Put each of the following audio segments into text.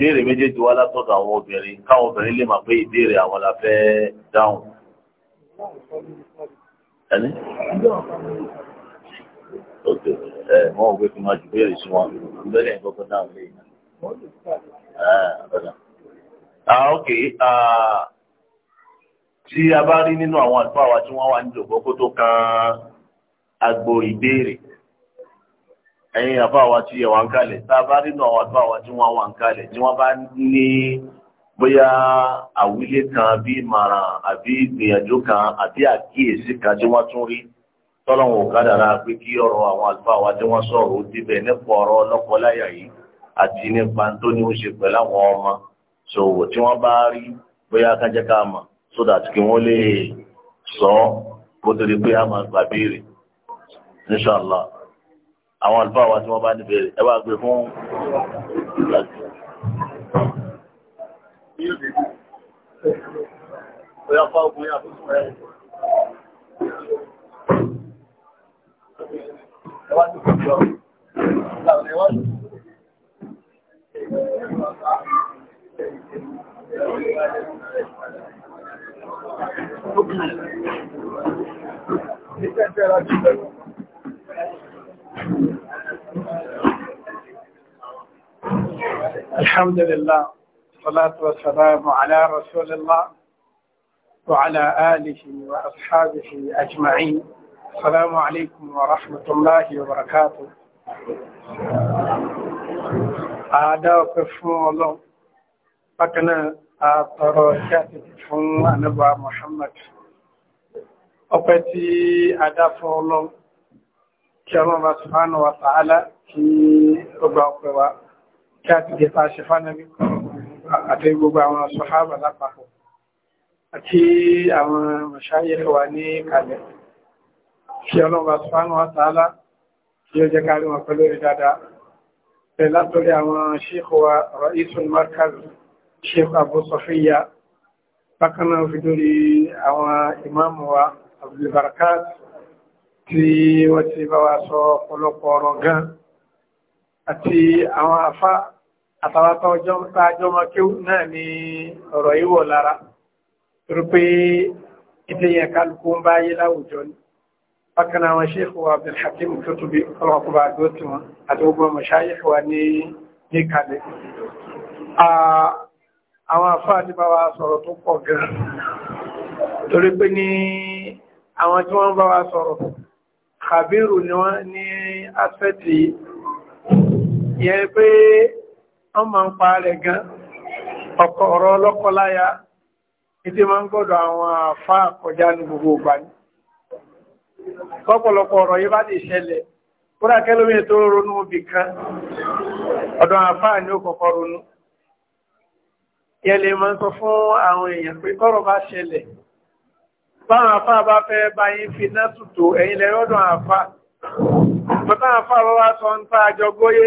ìbéèrè méjèèjì wá látọ̀dọ̀ àwọn obìnrin káwọn obìnrin lè máa pé ìbéèrè àwọn la fẹ́ dáhùn. ẹni ok ẹ mọ òwe fi máa ju béèrè sí wọn ìbéèrè yẹn dáhùn lẹ́yìn náà. ok tí a bá rí nínú àwọn àlùfáà wa tí wọ́n wà ní ìjọba kó tó kan agbo ìbéèrè ẹ̀yin àfáwà tí yẹ wà ń kalẹ̀ tá a bá rí nù àwọn àfáwà tí wọ́n wà ń kalẹ̀ tí wọ́n bá ní bóyá àwílé kan bí ìmọ̀ràn àbí ìgbìyànjú kan àbí àkíyèsí kan tí wọ́n tún rí tọ́lọ́wọ̀n ò kádàrá pé kí ọ̀rọ̀ àwọn àfáwà tí wọ́n sọ̀rọ̀ ó débẹ̀ nípa ọ̀rọ̀ ọlọ́pọ̀láyà yìí àti nípa tó ní ó ṣe pẹ̀lú àwọn ọmọ so tí wọ́n bá rí bóyá kájẹ́ ká mọ̀ so that kí wọ́n lè sọ bó torí pé a máa gbà béèrè inshallah àwọn àlùfáà wa tí wọ́n bá ní bèrè ẹ bá gbé fún Thank you. الحمد لله والصلاة والسلام على رسول الله وعلى آله وأصحابه أجمعين السلام عليكم ورحمة الله وبركاته هذا قسم الله فكنا أطرشات فن أنبع محمد أبتي أدافع الله kí ọlọ́run bá subhanahu wa ta'ala kí ó gba ọpẹ́ wa kí a ti jẹ́ ta ṣe fánàbí àti gbogbo àwọn sàhábà lápapọ̀ àti àwọn mashayikh wa ní kalẹ̀ kí ọlọ́run bá subhanahu wa ta'ala kí ó jẹ́ kárí wọn pẹ̀lú rí dáadáa pẹ̀lú látọ̀rí àwọn sheikh wa ra'isul markaz sheikh abu sofiya bákan náà fi dórí àwọn ìmáàmù wa abdulbarakat tí wọ́n ti bá wa sọ ọ̀pọ̀lọpọ̀ ọ̀rọ̀ gan àti àwọn afá àtàwátọ́ ọjọ́ ọmọ kí náà ni ọ̀rọ̀ ìwọ̀ lára torí pé ìdíyàn kálukú ń bá yé láwùjọ ní bákan àwọn ṣéèkù Abdulhakim Kutubi ọlọ́kùnbà àdótì wọn àti gbogbo mọ̀ṣáyẹ̀kù wa ní kalẹ̀ àwọn afá tí wọ́n bá wa sọ̀rọ̀ kàbírù ni wọ́n ní aspẹ́tì yẹ pé wọ́n máa ń pa rẹ̀ gan ọ̀rọ̀ ọlọ́kọláya ìdí máa ń gbọ́dọ̀ àwọn àfá àkọjá ní gbogbo ìgbà ní ọ̀pọ̀lọpọ̀ ọ̀rọ̀ yìí bá lè ṣẹlẹ̀ kúrò akẹ́lómi tó báwọn afá bá fẹ́ bá yín fi náà tùtò ẹ̀yin lẹ́rọ́dùn àfá bọ́tá àfá bá wá sọ ń tá àjọ gbóyé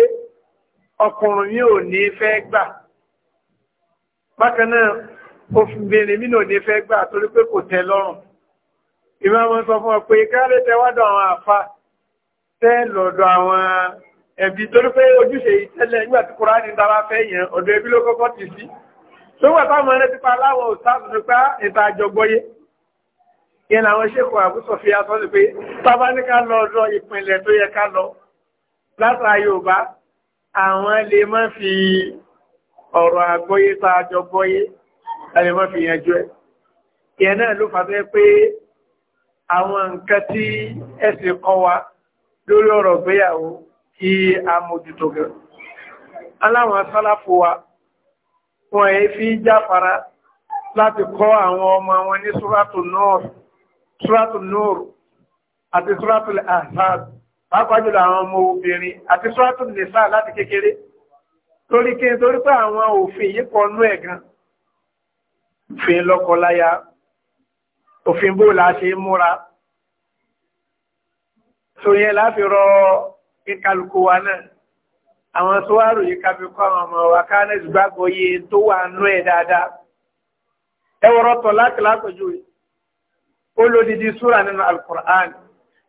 ọkùnrin mi ò ní fẹ́ gbà bákan náà obìnrin mi ò ní fẹ́ gbà torí pé kò tẹ́ lọ́rùn ìmọ̀ àwọn sọ fún ọ pé káàlẹ́ tẹ wádọ̀ àwọn àfá tẹ́ lọ́dọ̀ yẹn làwọn ṣékò àbúsọ̀ fi aṣọ sí pé bàbá ní ká lọ ọ̀dọ̀ ìpínlẹ̀ tó yẹ ká lọ látà Yorùbá àwọn lè má fi ọ̀rọ̀ àgbọ́yé tá a jọ gbọ́yé lè má fi yanjú ẹ̀ ìyẹn náà ló fàtẹ́ pé àwọn nǹkan tí ẹ̀sìn kọ́ wa lórí ọ̀rọ̀ ìgbéyàwó kí a mójútó gan aláwọn sálàfò wa wọ́n èé fi jáfara láti kọ́ àwọn ọmọ wọn ní súrátù náà suratu nur àti suratu ahzab pàápàá jùlọ àwọn ọmọ obìnrin àti suratu nisa láti kékeré torí kí n torí pé àwọn òfin yìí pọ̀ nú òfin lọ́kọláya òfin bó la ṣe múra sòyẹ láfi rọ kíkálukú wa náà àwọn tó wá ròyìn káfí kọ́ àwọn ọmọ wa ká gbàgbọ́ yé tó wà nú ẹ̀ dáadáa ẹ láti lápẹ̀jú yìí olódìdí súrà nínú alukur'an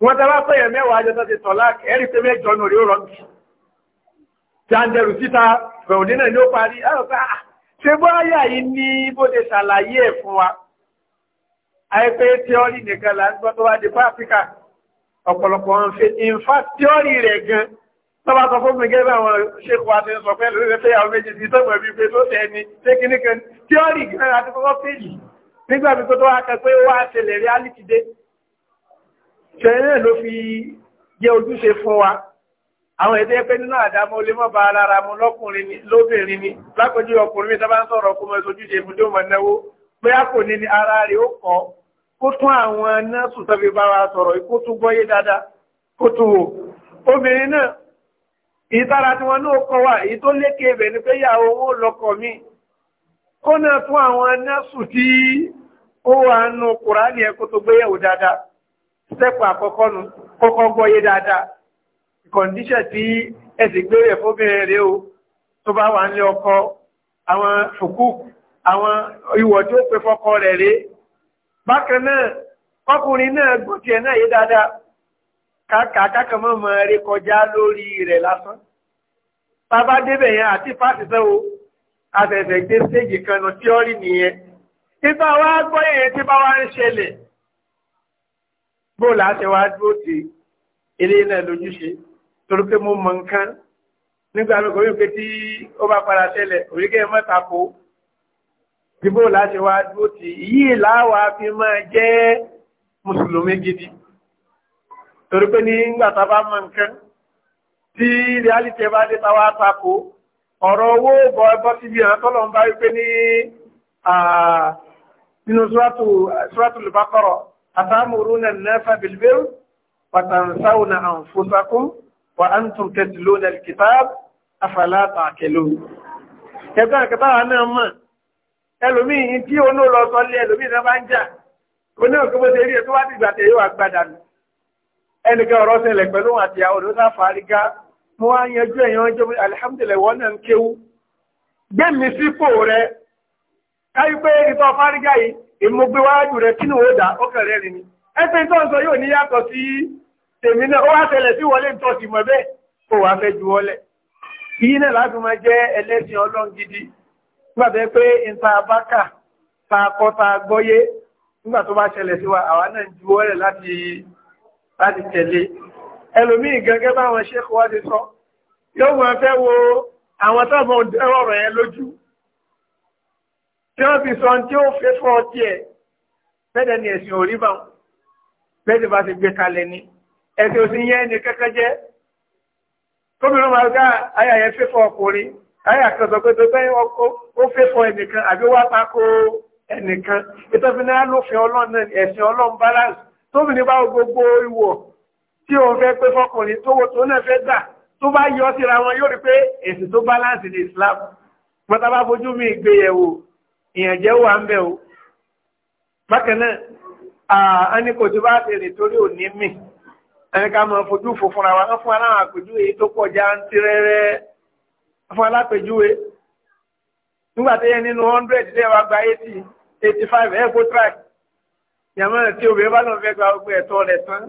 wọ́n tẹ́ bá pẹ̀yẹ̀ mẹ́wàá jẹ́ tọ́sí tọ́lá ẹ̀rí pé mẹ́jọ nù rí rọ̀ jù jàǹdẹ̀rù síta rẹ̀òdì náà ni ó parí ẹ̀rọ̀ká ṣe bọ́ ayà yìí ní bó ṣe ṣàlàyé ẹ̀ fún wa àìpé tíọ́rì nìkan là ń gbọ́ tó wá dé bá áfíríkà ọ̀pọ̀lọpọ̀ ń fi in fact tíọ́rì rẹ̀ gan tọ́ba sọ fún mi gẹ́gẹ́ àwọn ṣékù wa ti sọ pé lórí fẹ́yàwó méjì sí tó mọ̀ bí pé tó tẹ́ ni ṣé kíníkan tíọ́rì gan àti kọ́kọ́ nígbà mi tó tó wá kẹ pé ó wá ṣẹlẹ̀ reality dé ṣẹlẹ̀ ló fi jẹ́ ojúṣe fún wa àwọn èdè pé nínú àdámọ́ olè mọ́ bá alára mu lọ́kùnrin ni lóbìnrin ni lápẹjú ọkùnrin mi tábà ń sọ̀rọ̀ kó mọ ojúṣe fún tó náwó pé a kò ní ni ara rẹ̀ ó kọ́ kó tún àwọn nọ́ọ̀sù tó fi bá wa sọ̀rọ̀ kó tún gbọ́yé dáadáa kó tún wò obìnrin náà ìtara tí wọn náà kọ wà èyí tó lékè ibẹ̀ ni pé ìyàwó owó lọkọ̀ míì kó náà tún àwọn nẹ́sù tí ó wà nù kùránì ẹ̀kọ́ tó gbéyẹ̀wò dáadáa sẹ́pù àkọ́kọ́ nù kọ́kọ́ gbọ́yé dáadáa kọ̀ǹdíṣẹ̀ tí ẹ sì gbé rẹ̀ fóbìnrin rẹ̀ o tó bá wà nílé ọkọ àwọn fòkú àwọn ìwọ̀ tí ó pe fọ́kọ rẹ̀ rẹ̀ bákan náà ọkùnrin náà gbòtì ẹ̀ náà yé dáadáa kàkàkà mọ́ mọ́ rẹ̀ kọjá lórí rẹ̀ lásán bàbá débẹ̀ yẹn àti fásitẹ́ o afẹ́fẹ́ gbé séjì kan nù tíọ́rì nìyẹn títà wá gbọ́ èyí tí bá wá ń ṣẹlẹ̀ bóòlù àṣẹ wá dúró ti ilé náà lójúṣe torí pé mo mọ nǹkan nígbà lóko wípé tí ó bá padà ṣẹlẹ̀ òríkẹ́ mọ́ta kó tí bóòlù àṣẹ wá dúró ti yìí láwa fi máa jẹ́ mùsùlùmí gidi torí pé ní tá bá mọ nǹkan tí reality bá dé tá wá ta ọ̀rọ̀ owó bọ̀ ẹbọ́ sí ibi àwọn tọ́lọ̀ ń bá wípé ní nínú suratul Baqara atamuruna an-nasa bil birri wa tansawna anfusakum wa antum tatluna al-kitab afala ta'qilun ẹgbẹ́ ìkẹta náà mọ̀ ẹlòmíì tí ó náà lọ ń jà ó ní ọ̀rọ̀ ṣẹlẹ̀ pẹ̀lú àtìyàwó ló sáfàárí gáà mo wá yanjú ẹ̀yàn ọjọ́ bí alihamudulẹ̀ wọ́n náà ń kéwú gbé mi sípò rẹ káyí pé ìtọ́ fárígá yìí ìmúgbéwájú rẹ kí ni ó dà ó kẹrẹ rìn ni ẹsẹ̀ tó ń sọ yóò ní yàtọ̀ sí tèmi náà ó wá tẹ̀lẹ̀ sí wọlé ń tọ́sí mọ́ bẹ́ẹ̀ kó wàá fẹ́ ju wọlé yìí náà láti máa jẹ́ ẹlẹ́sìn ọlọ́run gidi nígbà pé nta abáka ta akọ ta gbọ́yé nígbà tó bá ṣẹlẹ̀ sí wa àwa náà ń ju wọlé láti tẹ̀lé ẹlòmíì gẹ́gẹ́ báwọn ṣe kọ́ wá ti sọ yóò máa fẹ́ wo àwọn táwọn dẹ́rọ̀ rẹ̀ lójú tí wọ́n fi sọ tí ó fẹ́ fọ́ ọtí ẹ̀ bẹ́ẹ̀ ni ẹ̀sìn òrí bá bẹ́ẹ̀ bá ti gbé kalẹ̀ ni ẹ̀sìn òsì yẹn ni kẹ́kẹ́ jẹ́ gómìnà máa gá àyà yẹn fẹ́ fọ́ ọkùnrin àyà kan sọ pé tó bẹ́ẹ̀ ó fẹ́ fọ́ ẹnìkan àbí wá tako ẹnìkan ìtọ́fínà lófin ọlọ́run ẹ̀sìn ọlọ́run balance tóbi ní gbogbo ìwọ̀ tí o fẹ́ pé fọkùnrin tówó tó náà fẹ́ gbà tó bá yọ síra wọn yóò rí pé èsì tó báláǹsì ní Islam pátá bá fojú mi ìgbéyẹ̀wò ìyànjẹ́ wà ń bẹ̀ o bákan náà ẹni kò tí bá tèrè torí ò ní mì ẹni ká mọ fojú fò wa fún wa láwọn àpèjúwe tó pọ̀ já ń ti rẹ́rẹ́ fún alápèjúwe nígbà tó yẹ nínú hundred dé wa gba eighty eighty five ẹ̀ kó track yàmọ́ tí obìnrin bá lọ fẹ́ gba ọgbẹ́ ẹ̀tọ́ rẹ̀ tán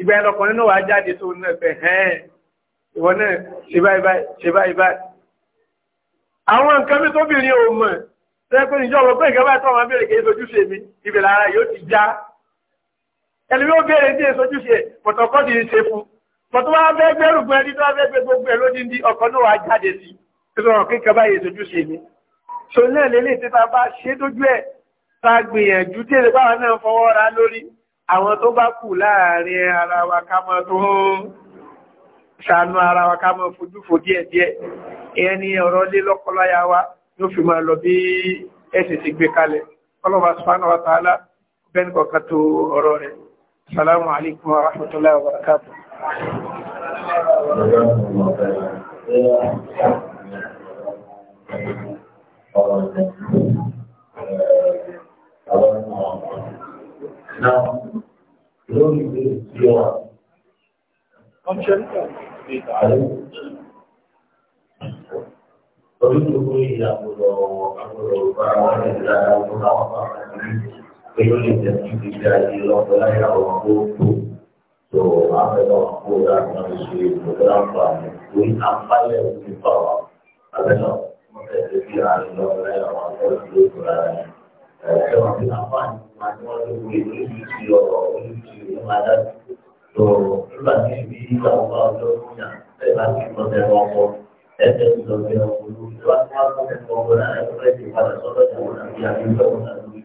ìgbà ẹ̀rọ ọkùnrin náà wà jáde tó ní ẹ̀fẹ̀ hẹ́ẹ̀ ìwọ náà ṣe báyìí báyìí ṣe báyìí báyìí. àwọn nǹkan mi tóbìnrin ò mọ̀ sẹ́kùn ìjọba pé ìgbà bá tọ́wọ́n béèrè kí ìsojúṣe mi ibẹ̀ lára yóò ti já ẹni yóò béèrè ní ìsojúṣe pọ̀tọ̀kọ́ ti ṣe fún pọ̀tọ̀ wá fẹ́ gbẹ́rù gbẹ́ ní tó wá fẹ́ gbẹ́ gbogbo ẹ̀ lódì ní ọkọ̀ náà wà jáde àwọn tó bá kù láàrin ara wa ká mọ́ tó ṣàánú ara wa ká mọ́ fojú fò díẹ̀díẹ̀ ìyẹn ni ọ̀rọ̀ lé lọ́kọláya wa yóò fi máa lọ bí ẹ̀sìn ti gbé kalẹ̀ ọlọ́wà subhanahu wa ta'ala bẹ́ẹ̀ kọ̀ọ̀kan tó ọ̀rọ̀ rẹ̀ salamu alaykum Now, who is your function? فمنه إلى أن àti wọn ló gbé lórí ti ọ̀rọ̀ lórí ti ìlú adájú. tó nígbà tí ibi àwọn bá ọjọ́ ìyá ẹ bá ti lọ bẹ ọkọ ẹsẹ̀ ti lọ bẹ ọkọ lórí tó bá ti wá lọ bẹ ọkọ náà ẹ fẹ́ ti padà sọ́dọ̀ ìyàwó àti àbíyọ̀ ọ̀nà lórí.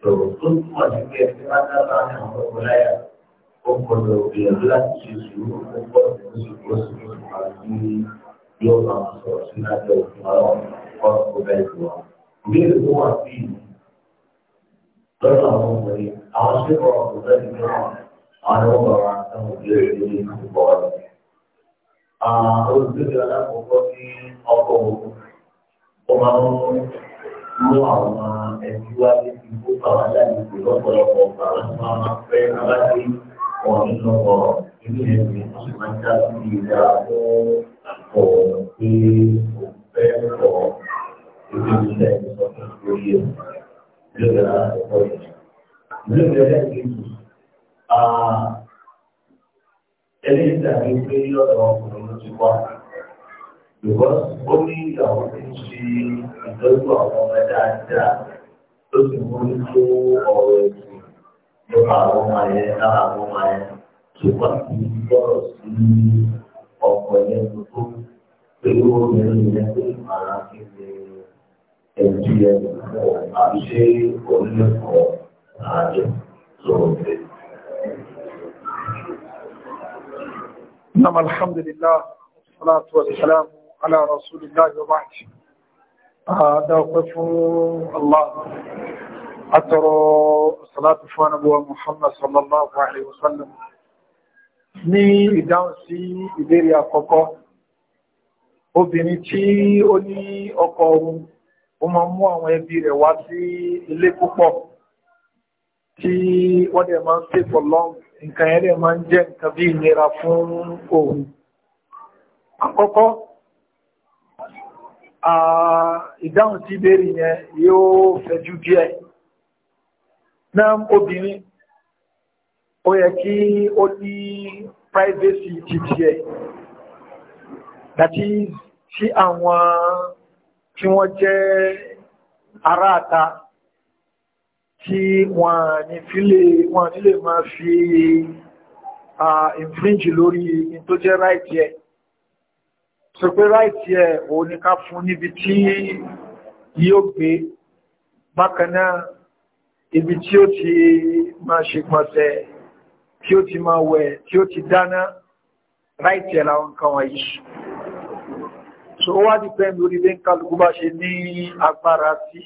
tó tó túmọ̀ sí pé ẹni bá dá láàrin àwọn ọkọ láyà ó gbọdọ̀ gbìyànjú láti ṣe sùúrù ó gbọdọ̀ ṣe sùúrù ó sì yóò máa sọ̀rọ̀ sí lábẹ́ òfin ọlọ́run ọ̀rọ̀ tó bẹ́ẹ̀ tó wà. Ìbéèrè tó wà sí ìlú lọ́dọ̀ àwọn ọmọ yìí àwọn tí wọ́n kò lẹ́yìn mìíràn àwọn ni wọ́n bá wà táwọn ìlú èdè ní àkókò ọ̀rọ̀. olùdókè alákòókò ní ọkọ̀ òkú ó máa ń mú àwọn ẹbí wá ní ìbú àwọn aláìsí lọ́pọ̀lọpọ̀ àwọn tí wọ́n máa ń fẹ́ abájé wọn nínú ọkọ̀ inú ẹ̀mí wọ́n sì máa ń já sí ìdá fún àpò pé òun fẹ́ pọ̀ ìdí ìṣẹ́ lóòrè ọ̀rọ̀ lóòrè lẹ́gbẹ̀ẹ́ ẹni ìdàgbé pé lọ́dọ̀ ọkùnrin ló ti wá ṣùgbọ́n ó ní ìyàwó tó ń ṣe ìtọ́jú àwọn ọmọ dáadáa tó sì mórí tó ọ̀rọ̀ ẹ̀sìn nípa àwọn ọmọ yẹn lára àwọn ọmọ yẹn ṣùgbọ́n kì í gbọ́rọ̀ sí ọkọ̀ yẹn tuntun pẹ̀lú obìnrin yẹn tó ìmọ̀ràn ẹbí ẹ̀kọ́ àti ṣé onílẹ̀kọ́ ààrẹ sọ̀rọ̀ bẹ́ẹ̀. Nam alhamdulillah, salatu wa salamu ala rasulillah wa ba'd. Ada ọpẹ́ fún Allah. Atọrọ salatu fún anabuwa Muhammad sallallahu alaihi wasallam. Ní ìdáhùn sí ìbéèrè àkọ́kọ́, obìnrin tí ó ní ọkọ ohun ó máa mú àwọn ẹbí rẹ̀ wá sí ilé púpọ̀ tí wọ́n dẹ̀ máa ń stay for long nǹkan yẹn dẹ̀ máa ń jẹ́ nǹkan bí ìnira fún òun àkọ́kọ́ ìdáhùn sí ìbéèrè yẹn yóò fẹ̀jú díẹ̀ náà obìnrin ó yẹ kí ó ní privacy títí ẹ̀ that is sí àwọn tí wọ́n jẹ́ aráta tí wọ́n ní fílé wọ́n nílè máa fi infringe lórí in tó jẹ́ right yẹ so pé right yẹ o ní ká fún níbi tí yóò gbé bákanáà ibi tí ó ti máa ṣe pọ̀sẹ̀ tí ó ti máa wẹ̀ tí ó ti dáná right yẹ láwọn kan wọ̀nyí so ó wá dìpẹ́ lórí bí kálukú bá ṣe ní agbára sí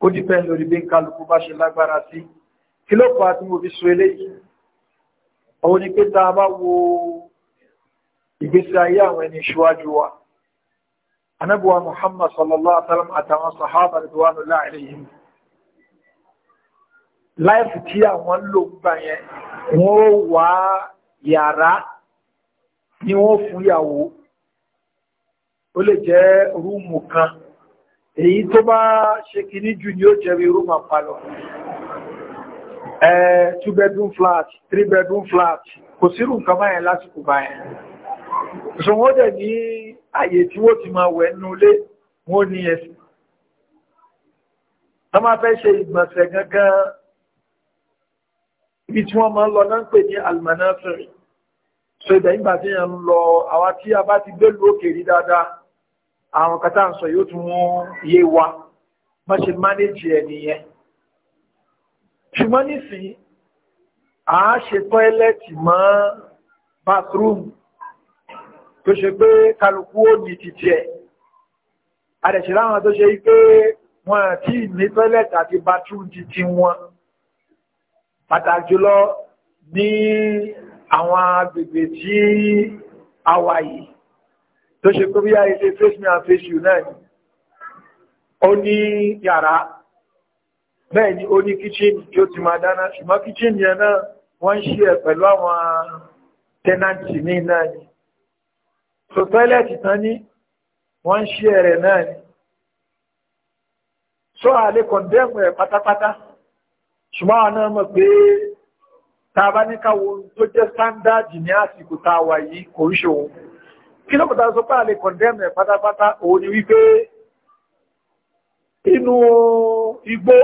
ó dìpẹ́ lórí bí kálukú bá ṣe lágbára sí kí ló pa tí mo fi so eléyìí òun ni pé tá bá wo ìgbésí ayé àwọn ẹni ṣíwájú wa anábùwà muhammad sallallahu alaihi wa sallam àtàwọn sahaba ridwanullahi alaihim láìfù tí àwọn lò ń gbà yẹn wọ́n wá yàrá ni wọ́n fún yàwó ó lè jẹ́ rúùmù kan èyí tó bá ṣe kìíní jù ní ó jẹ́ bí rúùmù àpàlọ̀ ẹ̀ two bedroom flat three bedroom flat kò sí rúùmù kan báyẹn lásìkò báyẹn so wọ́n dẹ̀ ní àyè tí wọ́n ti máa wẹ̀ nínú ilé wọ́n ní ẹ̀sìn wọ́n máa fẹ́ ṣe ìgbọ̀nsẹ̀ gangan ibi tí wọ́n máa ń lọ náà ń pè ní almanafiri so ìdẹ̀yìnbà tí yẹn ń lọ àwa tí a bá ti gbé lókè rí dáadáa àwọn kata ń sọ yóò tún mú yé wa má ṣe mánéjì ẹ̀ nìyẹn ṣùgbọ́n nísìnyí a ṣe tọ́ẹ́lẹ̀tì mọ́ bathroom tó ṣe pé kálukú ó ní títí ẹ̀ adẹ̀ṣẹ̀ láwọn tó ṣe pé wọ́n àti ní tọ́ẹ́lẹ̀tì àti bathroom títí wọn pàtàkì jùlọ ní àwọn agbègbè tí a wà yìí tó ṣe pé bíyá ilé face me and face you náà ni ó ní yàrá bẹ́ẹ̀ ni ó ní kíchìnì tí ó ti máa dáná ṣùgbọ́n kíchìnì yẹn náà wọ́n ń ṣí ẹ̀ pẹ̀lú àwọn tẹ́nàntì ní náà ni so tọ́ẹ̀lẹ̀tì tán ní wọ́n ń ṣí ẹ̀ rẹ̀ náà ni so àlè kọ̀ndẹ́mù ẹ̀ pátápátá ṣùgbọ́n àwọn náà mọ̀ pé tá a bá ní káwọn tó jẹ́ sáńdáàdì ní àsìkò tá a wà yìí kò ń ṣòwò kí lọ́pàá tàbí sọpá lè condemn ẹ̀ pátápátá òun ni wípé inú igbó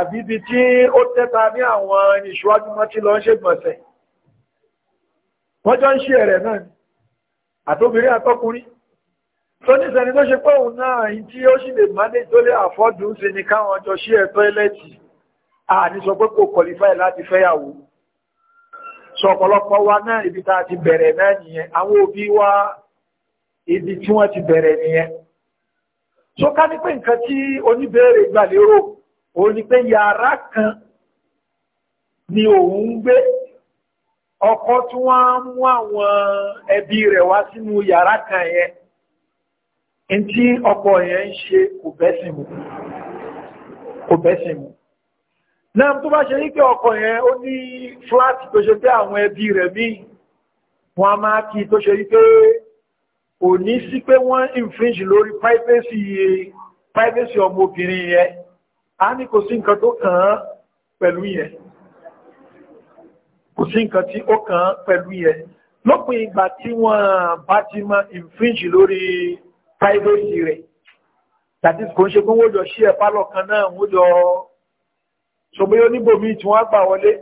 àbíbi tí ó tẹ́ta ní àwọn ìṣúwájú mọ́ tí lọ ń ṣègbọ̀nsẹ̀ wọ́n jọ ń ṣe ẹ̀rẹ̀ náà ni àtòbìnrin àtọkùnrin tó ní sẹni tó ṣe pé òun náà yìí tí ó sì lè máné tó lè àfọ́dù ń ni káwọn jọ ṣí ẹ̀tọ́ ẹlẹ́tì àní sọ pé kò kọlifáì láti fẹ́yàwó sọ ọ̀pọ̀lọpọ̀ wa náà ibi tá ti bẹ̀rẹ̀ náà nìyẹn àwọn òbí wa ibi tí wọ́n ti bẹ̀rẹ̀ nìyẹn so ká ní pé nǹkan tí oníbèrè gbàlérò òun ni pé yàrá kan ni òun ń gbé ọkọ tí wọ́n mú àwọn ẹbí rẹ̀ wá sínú yàrá kan yẹn n tí ọkọ yẹn ń ṣe kò bẹ́sìn mu náà tó bá ṣe wípé ọkọ yẹn ó ní fúláàtì tó ṣe pé àwọn ẹbí rẹ̀ míì wọ́n á máa kí tó ṣe wípé kò ní sí pé wọ́n infringe lórí privacy privacy ọmọbìnrin yẹn a ní kò sí nǹkan tó kàn án pẹ̀lú yẹn kò sí nǹkan tí ó kàn án pẹ̀lú yẹn lópin ìgbà tí wọ́n bá ti mọ infringe lórí privacy rẹ̀ tàbí kò ń ṣe pé wọ́n jọ ṣí ẹ̀ pálọ̀ kan náà wọ́n jọ ṣògbé oníbòmí tí wọ́n gbà wọlé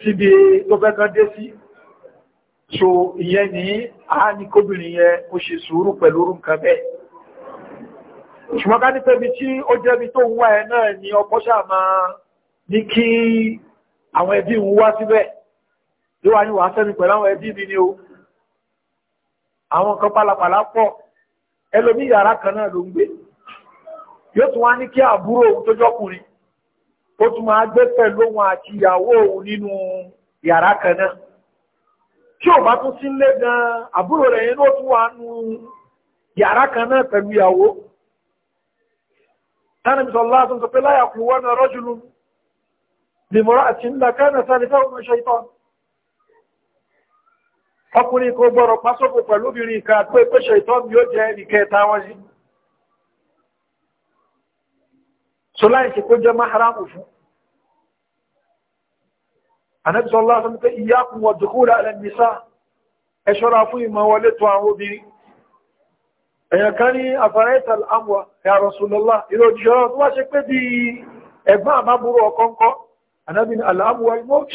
síbi tó fẹ́ kan dé sí so ìyẹn ni a ní kóbìnrin yẹn ó ṣe sùúrù pẹ̀lú orú nǹkan bẹ́ẹ̀ ṣùgbọ́n ká ní pẹ́bi tí ó jẹ́bi tó ń wá ẹ náà ni ọkọ ṣáà máa ní kí àwọn ẹbí ń wá síbẹ̀ tí wàá ní wàá fẹ́mi pẹ̀lú àwọn ẹbí mi ni o àwọn nǹkan pálapàla pọ̀ ẹlòmí yàrá kan náà ló ń gbé yóò tún wá ní kí àbúrò òun tó jọkùnrin ó tún máa gbé pẹ̀lú òun àti ìyàwó òun nínú yàrá kan náà tí ò bá tún sí lé gan àbúrò rẹ̀ yẹn ló tún wà nù yàrá kan náà pẹ̀lú ìyàwó tánàbìsọ̀ látún sọ pé láyà kú wọ́n náà rọ́jùlù lèmọ́rá àti ńlá kánà sálifá ọmọ ṣaitán ọkùnrin kò gbọ́rọ̀ pásọ́pù pẹ̀lú obìnrin ìka pé pé ṣaitán yóò jẹ́ ìkẹta wọn sí so láìsí kó jẹ́ máhàrámù fún Ànábì sallallahu alaihi wasallam pé iyyakum wa dukhula ala nisa ẹ ṣọ́ra fún ìmọ̀ wọlé tó àwọn obìnrin èèyàn kan ní afaraita al-amwa ya Rasulullah ilé òjíṣẹ́ tó wá ṣe pé bí ẹ̀gbọ́n àbábúrò ọkọ̀ǹkọ́ Ànábì ní al-amwa al-mawt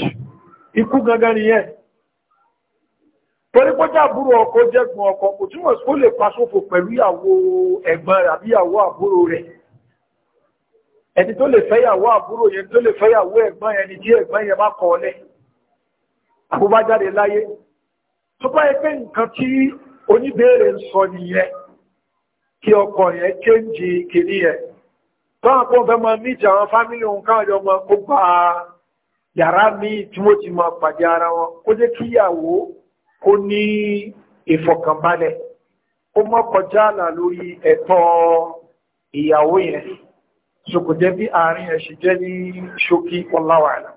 ikú gangan nìyẹn torí pọ́jà àbúrò ọkọ ẹni tó lè fẹ́yàwó àbúrò yẹn tó lè fẹ́yàwó ẹ̀gbọ́n ẹni tí ẹ̀gbọ́n yẹn bá kọ̀ ọ́ lẹ̀ àbúbájáde láyé tó bá yẹ pé nǹkan tí oníbéèrè ń sọ nìyẹn kí ọkọ yẹn kéńjì kìíní yẹn táwọn pọ̀ fẹ́ máa míjì àwọn fámílì òun káàjọ máa kó gba yàrá míì tí wọ́n ti máa pàdé ara wọn kó jẹ́ kíyàwó kó ní ìfọ̀kànbalẹ̀ kó má àlà lórí ẹ̀tọ́ ìyàwó yẹn ṣòkò jẹ́ bí àárín ẹ̀ṣì jẹ́ ní ṣókí ọláwàlá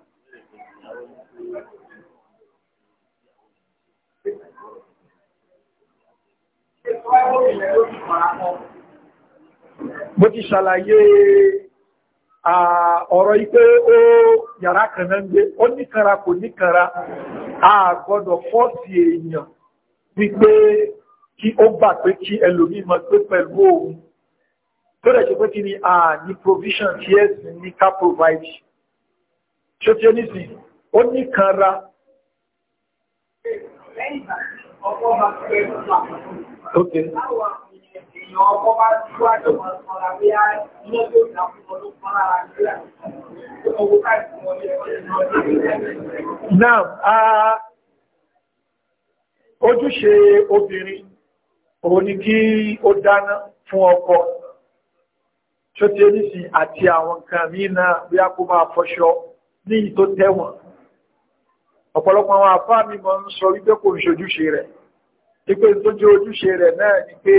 mo ti ṣàlàyé ọ̀rọ̀ ipé ó yàrá kanáà ń gbé ó níkanra kò níkanra a gbọ́dọ̀ fọ́ọ̀sì èèyàn wípé kí ó gbà pé kí ẹlòmí mọ̀ pé pẹ̀lú òun tó rẹ̀ ṣe pé kí ni a ní provision tí ẹ̀sìn ní ká provide ṣó tí ó ní sìn ó ní kan ra. Okay. Now, uh, ojúṣe obìnrin òun ni kí ó dáná fún ọkọ tó ti ní àti àwọn nǹkan míì náà bí a kó máa fọṣọ ní ìyí tó ọ̀pọ̀lọpọ̀ àwọn àfáà mi mọ̀ ń sọ wípé kò ń ṣojúṣe rẹ̀ wípé tó jẹ́ ojúṣe rẹ̀ náà ni pé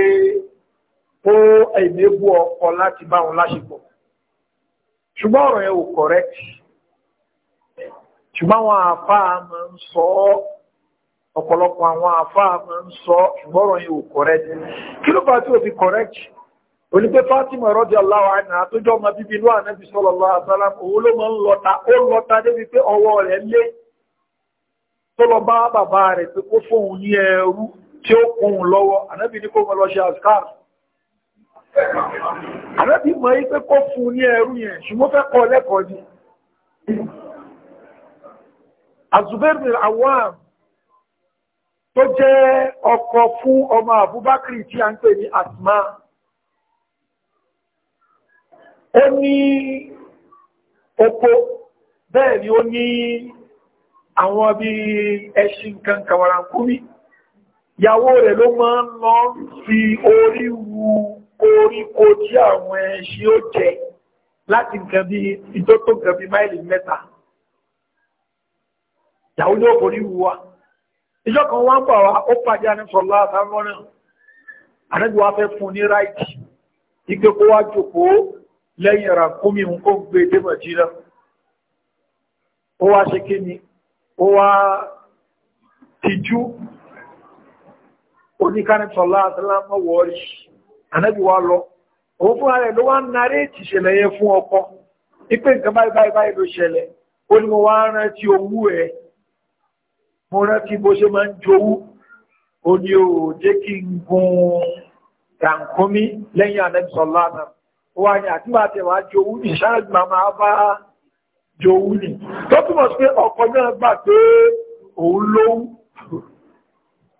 ó ẹ̀mẹ́bù ọkọ láti bá wọn láṣepọ̀ ṣùgbọ́n ọ̀rọ̀ yẹn ò correct ṣùgbọ́n àwọn àfáà mọ̀ ń sọ ọ́ ọ̀pọ̀lọpọ̀ àwọn àfáà mọ̀ ń sọ ṣùgbọ́n ọ̀rọ̀ yẹn ò correct kí ló bá tí ò fi correct onípe Fátímà radiyallahu anha tó jọ ọmọ bíbí ìlú ànábì sallallahu alaihi wasallam òun ló mọ ń lọta ó lọta débi pé ọwọ́ rẹ̀ lé tó lọ bá bàbá rẹ̀ pé kó fóun ní ẹrú tí ó kún lọ́wọ́ ànábì ní kó mọ lọ ṣe ó ní oko bẹ́ẹ̀ ni ó ní àwọn bí ẹṣin kan kàwàràkúrí ìyàwó rẹ̀ ló máa ń lọ fi orí wu koríko tí àwọn ẹṣin ó jẹ láti nǹkan bí ìtótó nǹkan bí máìlì mẹ́ta ìyàwó ló borí wu wa ìjọ kan wá ń bà wá ó pàdé àníṣọ́lá àtàwọn náà fẹ́ fún ní ráìtì ìgbẹ́kọ́ jòkó lẹ́yìn ara kómi ń kó gbé dé Madina ó wá ṣe kí ni ó wá tijú oníkánitọ̀lá àtàlámọ́ wọ́ọ̀rí anábì wá lọ òun fún ara ẹ̀ ló wá ń narí ti ṣẹlẹ̀ yẹn fún ọkọ ipé nǹkan báyìí báyìí ló ṣẹlẹ̀ ó ní mo wá rántí owú ẹ̀ mo rántí bó ṣe máa ń jowú ó ní ó jẹ́ kí n gun gàǹkómi lẹ́yìn anábì sọ̀lá náà wà ní àtúbà tẹ̀wà jowú ní ṣáàgbà máa bá jowú ní tó túnmọ̀ sí pé ọkọ náà gbà pé òun lówú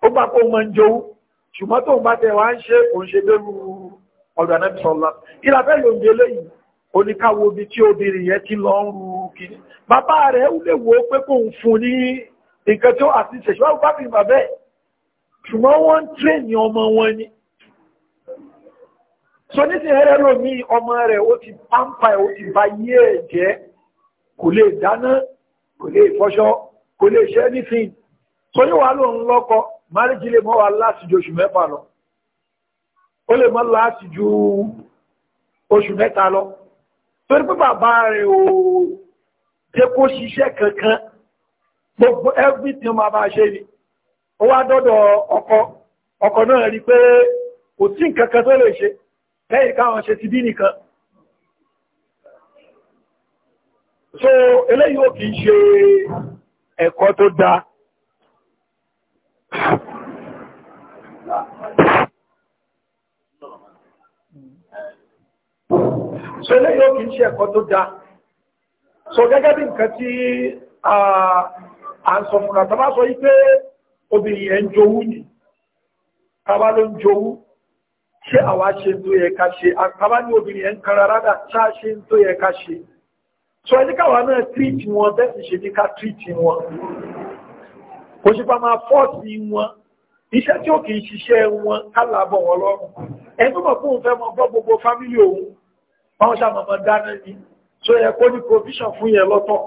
ó gbà pé òun máa ń jowú ṣùgbọ́n tóun bá tẹ̀wà ń ṣe òun ṣe lérú ọ̀dọ̀ àná sọ̀lá ìlàfẹ́ ṣùgbọ́n wọ́n ń tírèèni ọmọ wọn ni so nísìnyí ẹrẹ lomi ọmọ rẹ̀ ó ti pampa ẹ̀ ó ti ba yé ẹ̀ jẹ́ kò lè dáná kò lè fọṣọ kò lè ṣe anything so yóò wá lóun lọ́kọ máríjì lè mọ́ wa láti ju oṣù mẹ́fà lọ ó lè mọ́ láti ju oṣù mẹ́ta lọ torí pé bàbá rẹ̀ ò jẹ́ kó ṣiṣẹ́ kankan gbogbo everything ma bá ṣe ni ó wá dọ́dọ̀ ọkọ ọkọ náà rí pé kò sí nǹkan kan tó lè ṣe lẹ́yìn káwọn ṣe ti bí nìkan so eléyìí ò kìí ṣe ẹ̀kọ́ tó dáa so eléyìí ò kìí ṣe ẹ̀kọ́ tó dáa so gẹ́gẹ́ bí nǹkan tí a ń sọ fún àtàbá sọ yí pé obìnrin ẹ̀ ń jowú ni tàbá ló ń jowú ṣé àwa ṣe tó yẹ ká ṣe àkàbá ní obìnrin yẹn ń kan rárá dà ṣá ṣe tó yẹ ká ṣe sọ ẹni káwa náà tírìtì wọn bẹ́ẹ̀ sì ṣe ní ká tírìtì wọn kò ṣe pa máa fọ́ọ̀sì wọn iṣẹ́ tí ó kì í ṣiṣẹ́ wọn kálàbọ̀ wọn lọ́rùn ẹni mọ̀ fún fẹ́ mọ gbọ́ gbogbo fámílì òun báwọn ṣàmọ̀mọ̀ dáná ni tó yẹ kó ní provision fún yẹn lọ́tọ̀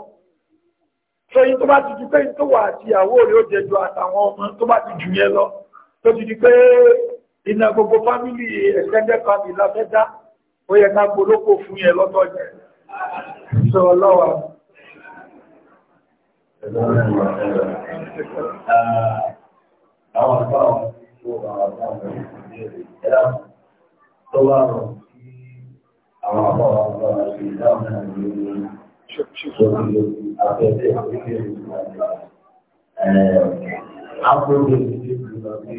tó yí tó bá ti di pé tó wà àti ìyàwó rẹ̀ ó jẹjọ àtàwọn ọmọ tó bá ti jù yẹn lọ tó ti di pé iná gbogbo fámílì extended family láfẹ́ dá ó yẹ ká polókò fún yẹ lọ́tọ̀ jẹ́ sọ ọlọ́wà Àwọn àpáwọn tó wà àwọn àwọn ìrìnlẹ̀ tó wà rọ̀ sí àwọn àpáwọn àwọn ìdáwọn àìyí ṣòkòrò àpẹẹrẹ ìpínlẹ̀ ìgbàlẹ̀. Àwọn olóògbé ti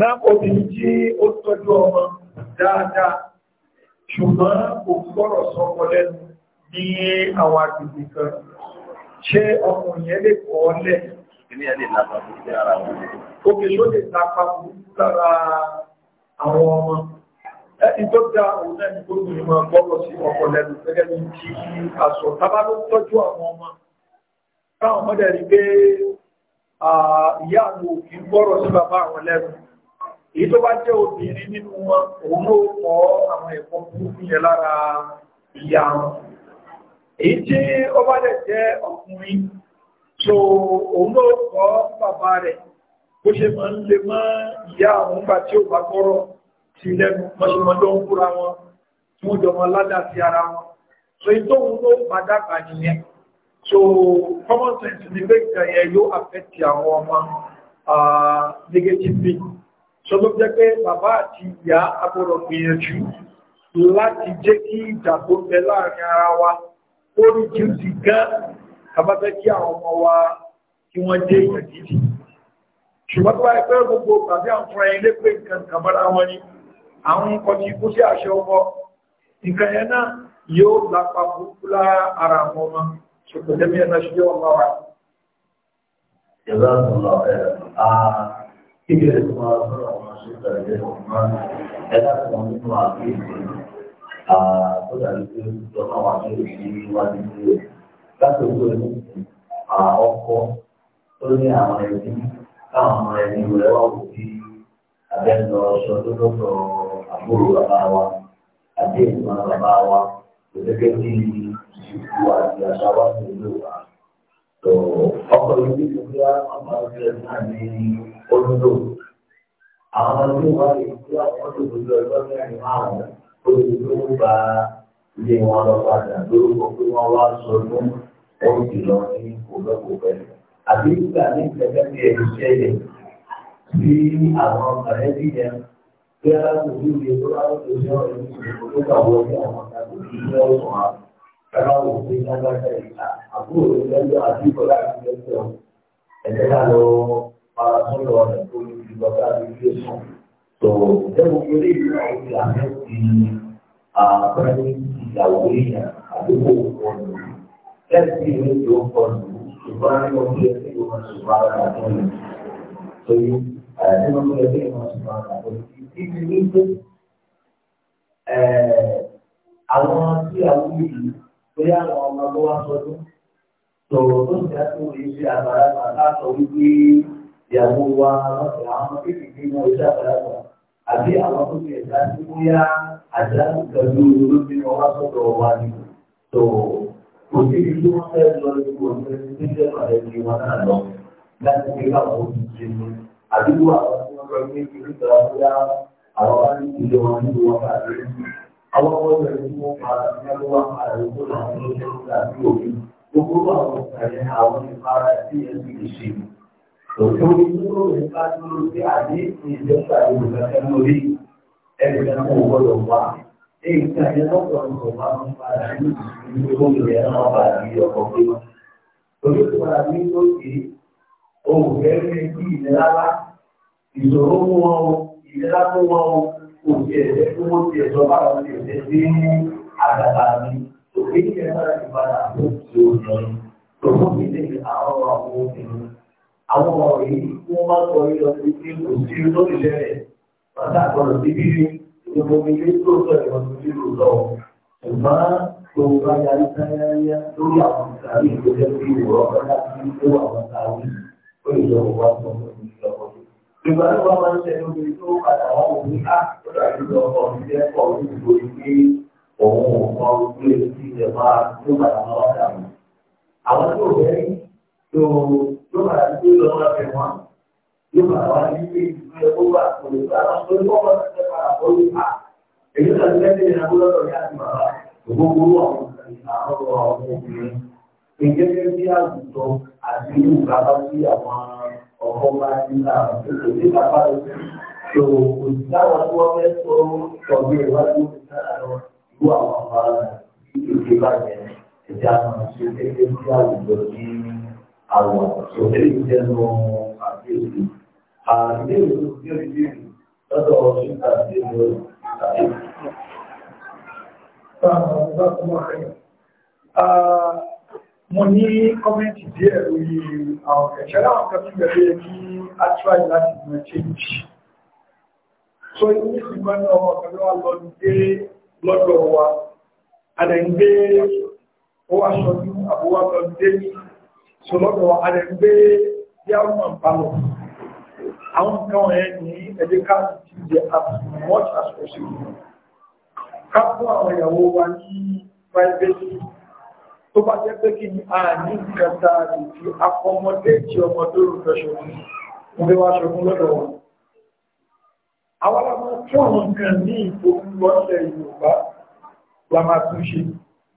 Lápòdì jí ó tọ́jú ọmọ dáadáa, ṣùgbọ́n kò gbọ́rọ̀ sọ́kọ lẹ́nu ní àwọn agbègbè kan. Ṣé ọkùnrin yẹn lè kọ́ lẹ̀? Ilé ẹ̀ lè lápapọ̀ sí ara wọn. Òkè ló tó dá òun náà ní gbogbo ìmọ̀ gbọ́rọ̀ sí ọkọ̀ lẹ́nu gẹ́gẹ́ bí tí aṣọ tábà ló tọ́jú àwọn ọmọ táwọn ọmọdé rí pé ìyá àwọn òkè ń gbọ́rọ̀ sí bàbá àwọn lẹ́nu èyí tó bá jẹ́ obìnrin nínú wọn òun ló kọ́ àwọn ẹ̀kọ́ burúkú yẹn lára ìyá wọn èyí tí ó bá dẹ̀ jẹ́ ọkùnrin so òun ló kọ́ bàbá rẹ̀ bó ṣe máa ń le mọ́ ìyá àwọn gbà tí ó bá gbọ́rọ̀ sí lẹ́nu mọ́ṣẹ́mọ́jọ́ ń fúra wọn tí wọ́n jọmọ ládà sí ara wọn so ìtòhun ló padà bà nìyẹn so common sense ní pé ìkà yẹn yóò affect àwọn ọmọ negatively so ló jẹ́ pé bàbá àti ìyá agbọ́dọ̀ gbìyànjú láti jẹ́ kí ìjà tó ń bẹ láàrin ara wa ó rí jù sí gan abáfẹ́ kí àwọn ọmọ wa kí wọ́n jẹ́ ìyàn gidi ṣùgbọ́n tó bá yẹ pé gbogbo tàbí àwọn fúnra ilé pé nǹkan kàbára wọn ni àwọn ikọ̀ tí kú sí àṣẹ ọmọ nǹkan yẹn náà yóò lápá burúkú lára ara àwọn ọmọ ṣùgbọ́n jẹ́mi ẹ̀ náà ṣíjọ́ ọmọ wa. ìlú àtúnlọ ẹ̀ á kíkì rẹ̀ tó máa sọ̀rọ̀ àwọn ṣètò ẹ̀jẹ̀ ọmọ ẹ̀ láti wọn nínú àgbéyìí tó dàbí pé ó máa wà ní òṣìṣẹ́ iwájú ilé rẹ̀ láti owó ẹ̀ ọkọ̀ tó ní àwọn ẹbí káwọn ọmọ ẹbí rẹ̀ wà wò bíi abẹ́nu ọ̀ṣọ́ tó lọ́dọ̀ àbúrò bàbá wa àbí ìgbọ́n bàbá wa gẹ́gẹ́ bí ìṣubú àti àṣà wa ní ìlú wa. tó ọkọ̀ yìí bí kò bíyà ọmọ ìṣẹ̀lẹ̀ náà ní olódò. àwọn ọmọ ìlú wa lè fi àwọn olùdókòwò ọjọ́ mẹ́rin márùn-ún olùdókòwò bá ilé wọn lọ padà lórúkọ pé wọ́n wá sọ fún oúnjẹ lọ ní kòbẹ́kòbẹ́ àbí ìgbà ní ìgbẹ́gbẹ́ bí ẹni ṣẹlẹ̀ sí àwọn ọ̀rẹ́ jíjẹ bí aláwọ̀ ojú ìwé tó bá wọ́n tó ṣe ọ̀rẹ́ tó gbà wọ́n ní àwọn ọ̀tàkùn ìṣẹ́ ọ̀sán wa aláwọ̀ ojú lágbàtà ìta àbúrò lẹ́jọ́ àti ìkọlá ìgbésẹ̀ ẹ̀jẹ̀ náà lọ para sọ́dọ̀ ọ̀rẹ́ tó ní ìgbà tá a fi ṣe sùn. tó ẹ̀rù eré ìlú àwọn ti àfẹ́ ti àpẹẹrẹ ìyàwó èèyàn àdúgbò ọ̀nù lẹ́sìn ìwé tó ń kọlù ṣùgbọ́n ní ọdún ẹ̀sìn ìwọ̀n ṣùgbọ́n nínú ọmọ ẹgbẹ́ ìmọ̀ ṣùgbọ́n àtàkùn títí ní pé àwọn tí a wú yìí bóyá àwọn ọmọ tó wá sọdún sọ̀rọ̀ tó ń jà tó lè ṣe àbárágbà láàtọ̀ wípé ìyàwó wa lọ́sẹ̀ àwọn kékeré náà ṣe àbárágbà àbí àwọn tó fi ẹ̀dá sí bóyá àjálù pẹ̀lú olóbìnrin ọwá sọ̀rọ̀ wa ni sọ̀rọ̀ kò sí ibi tí wọ́n fẹ́ lọ ipò ọ̀gbẹ́ni tó jẹ́ pàdé ní wọn náà lọ láti fi káwọn oṣù ṣe ní àdúgbò àwọn tí wọ́n lọ ní ìpínlẹ̀ àbúyá àwọn bá ní ìlú wọn ní ìwọ̀n àti àwọn ọmọ ìlú tí wọ́n pa ìyàwó wa máa rẹ̀ kó làwọn ló ṣe ń gbà sí òfin gbogbo àwọn ìpàdé àwọn ìpara tí ẹ̀ ti lè ṣe. Òṣèlú ìdúró rẹ̀ bá dúró lọ́pọ̀lọpọ̀ máa ń padà ní ìlú ìròyìn náà padà ní ọkọ̀ gbé. Òṣèlú padà ní lóṣèlú òwúrẹ́ ní bí ìnira lá ìṣòro mú wọn o ìnira mú wọn o kò sí ẹ̀jẹ̀ tó wọ́n ti ẹ̀jọ́ bá wọn ti ẹ̀jẹ̀ sí àgbàgbà mi òkè ní ẹ̀fọ́ra ìpadà tó ti òun tó fún mi lè àwọn àwọn obìnrin àwọn ọmọ yìí wọ́n máa ń sọ yìí lọ sí pé kò sí tó lè lẹ́rẹ̀ bàtà àgbọ̀dọ̀ sí bí ìgbìmọ̀ mi lé tó sọ ìwọ̀n tó lè lò lọ ṣùgbọ́n tó bá yarí sáyáyá lórí ó ọmọ ìlú lọ́wọ́. ń ṣe tó padà wà wò ní á ah, tó dàbí lọ ọkọ̀ mi ní ìbò ìgbé òun ò mọ ojú èyí tí ìjẹ máa tó padà máa wà dà mí. Àwọn tó bẹ́ tó tó padà tó lọ wà fẹ́ padà wá ní ilé ìgbé ó wà kò lè tó àwọn tó lọ́ padà bọ́ ní á. Ah, èyí náà ti lẹ́sẹ̀ ìrìnàbó lọ́dọ̀ ní àti màmá. Ògbógbó àwọn obìnrin gẹ́gẹ́ bí àgùntàn àti irú bàbá sí àwọn ọkọ bá ní àwọn ètò ní bàbá rẹ̀ tó kò sí láwọn tí wọ́n fẹ́ sọ ọ̀gbìn ìwádìí òkè sára lọ ìlú àwọn ọmọ rẹ̀ ìdíje bàjẹ́ ẹ̀jẹ̀ àwọn àti gẹ́gẹ́ bí àwùjọ ní àwọn òṣèré ìjẹnu àti èdè. Àdé ìlú tí ó ti lọ́dọ̀ ṣúgbà tí ó lọ sí ìtàgé mo ní kọ́mẹ́ntì díẹ̀ lórí àwọn ẹ̀ṣẹ́ láwọn kan tí bẹ̀rẹ̀ kí a try láti mọ̀ change so ní ìgbà náà ọmọ kan ló wá lọ gbé lọ́dọ̀ wa adẹ̀gbé ó wá sọdún àbúwá lọ gbé so lọ́dọ̀ wa adẹ̀gbé bí àwọn ọmọ ìbálò àwọn kan ẹ̀ ní ẹ̀dẹ́ káàdì ti jẹ́ as much as possible ká fún àwọn ìyàwó wa ní privacy tó bá jẹ́ pé kí ni a ní ìkẹta ìfi akọmọdé tí ọmọ lórí fẹ́ ṣogun mo fẹ́ wá ṣogun lọ́dọ̀ wọn. àwọn ọmọ tí àwọn nǹkan ní ìfowó lọ́sẹ̀ yorùbá la máa tún ṣe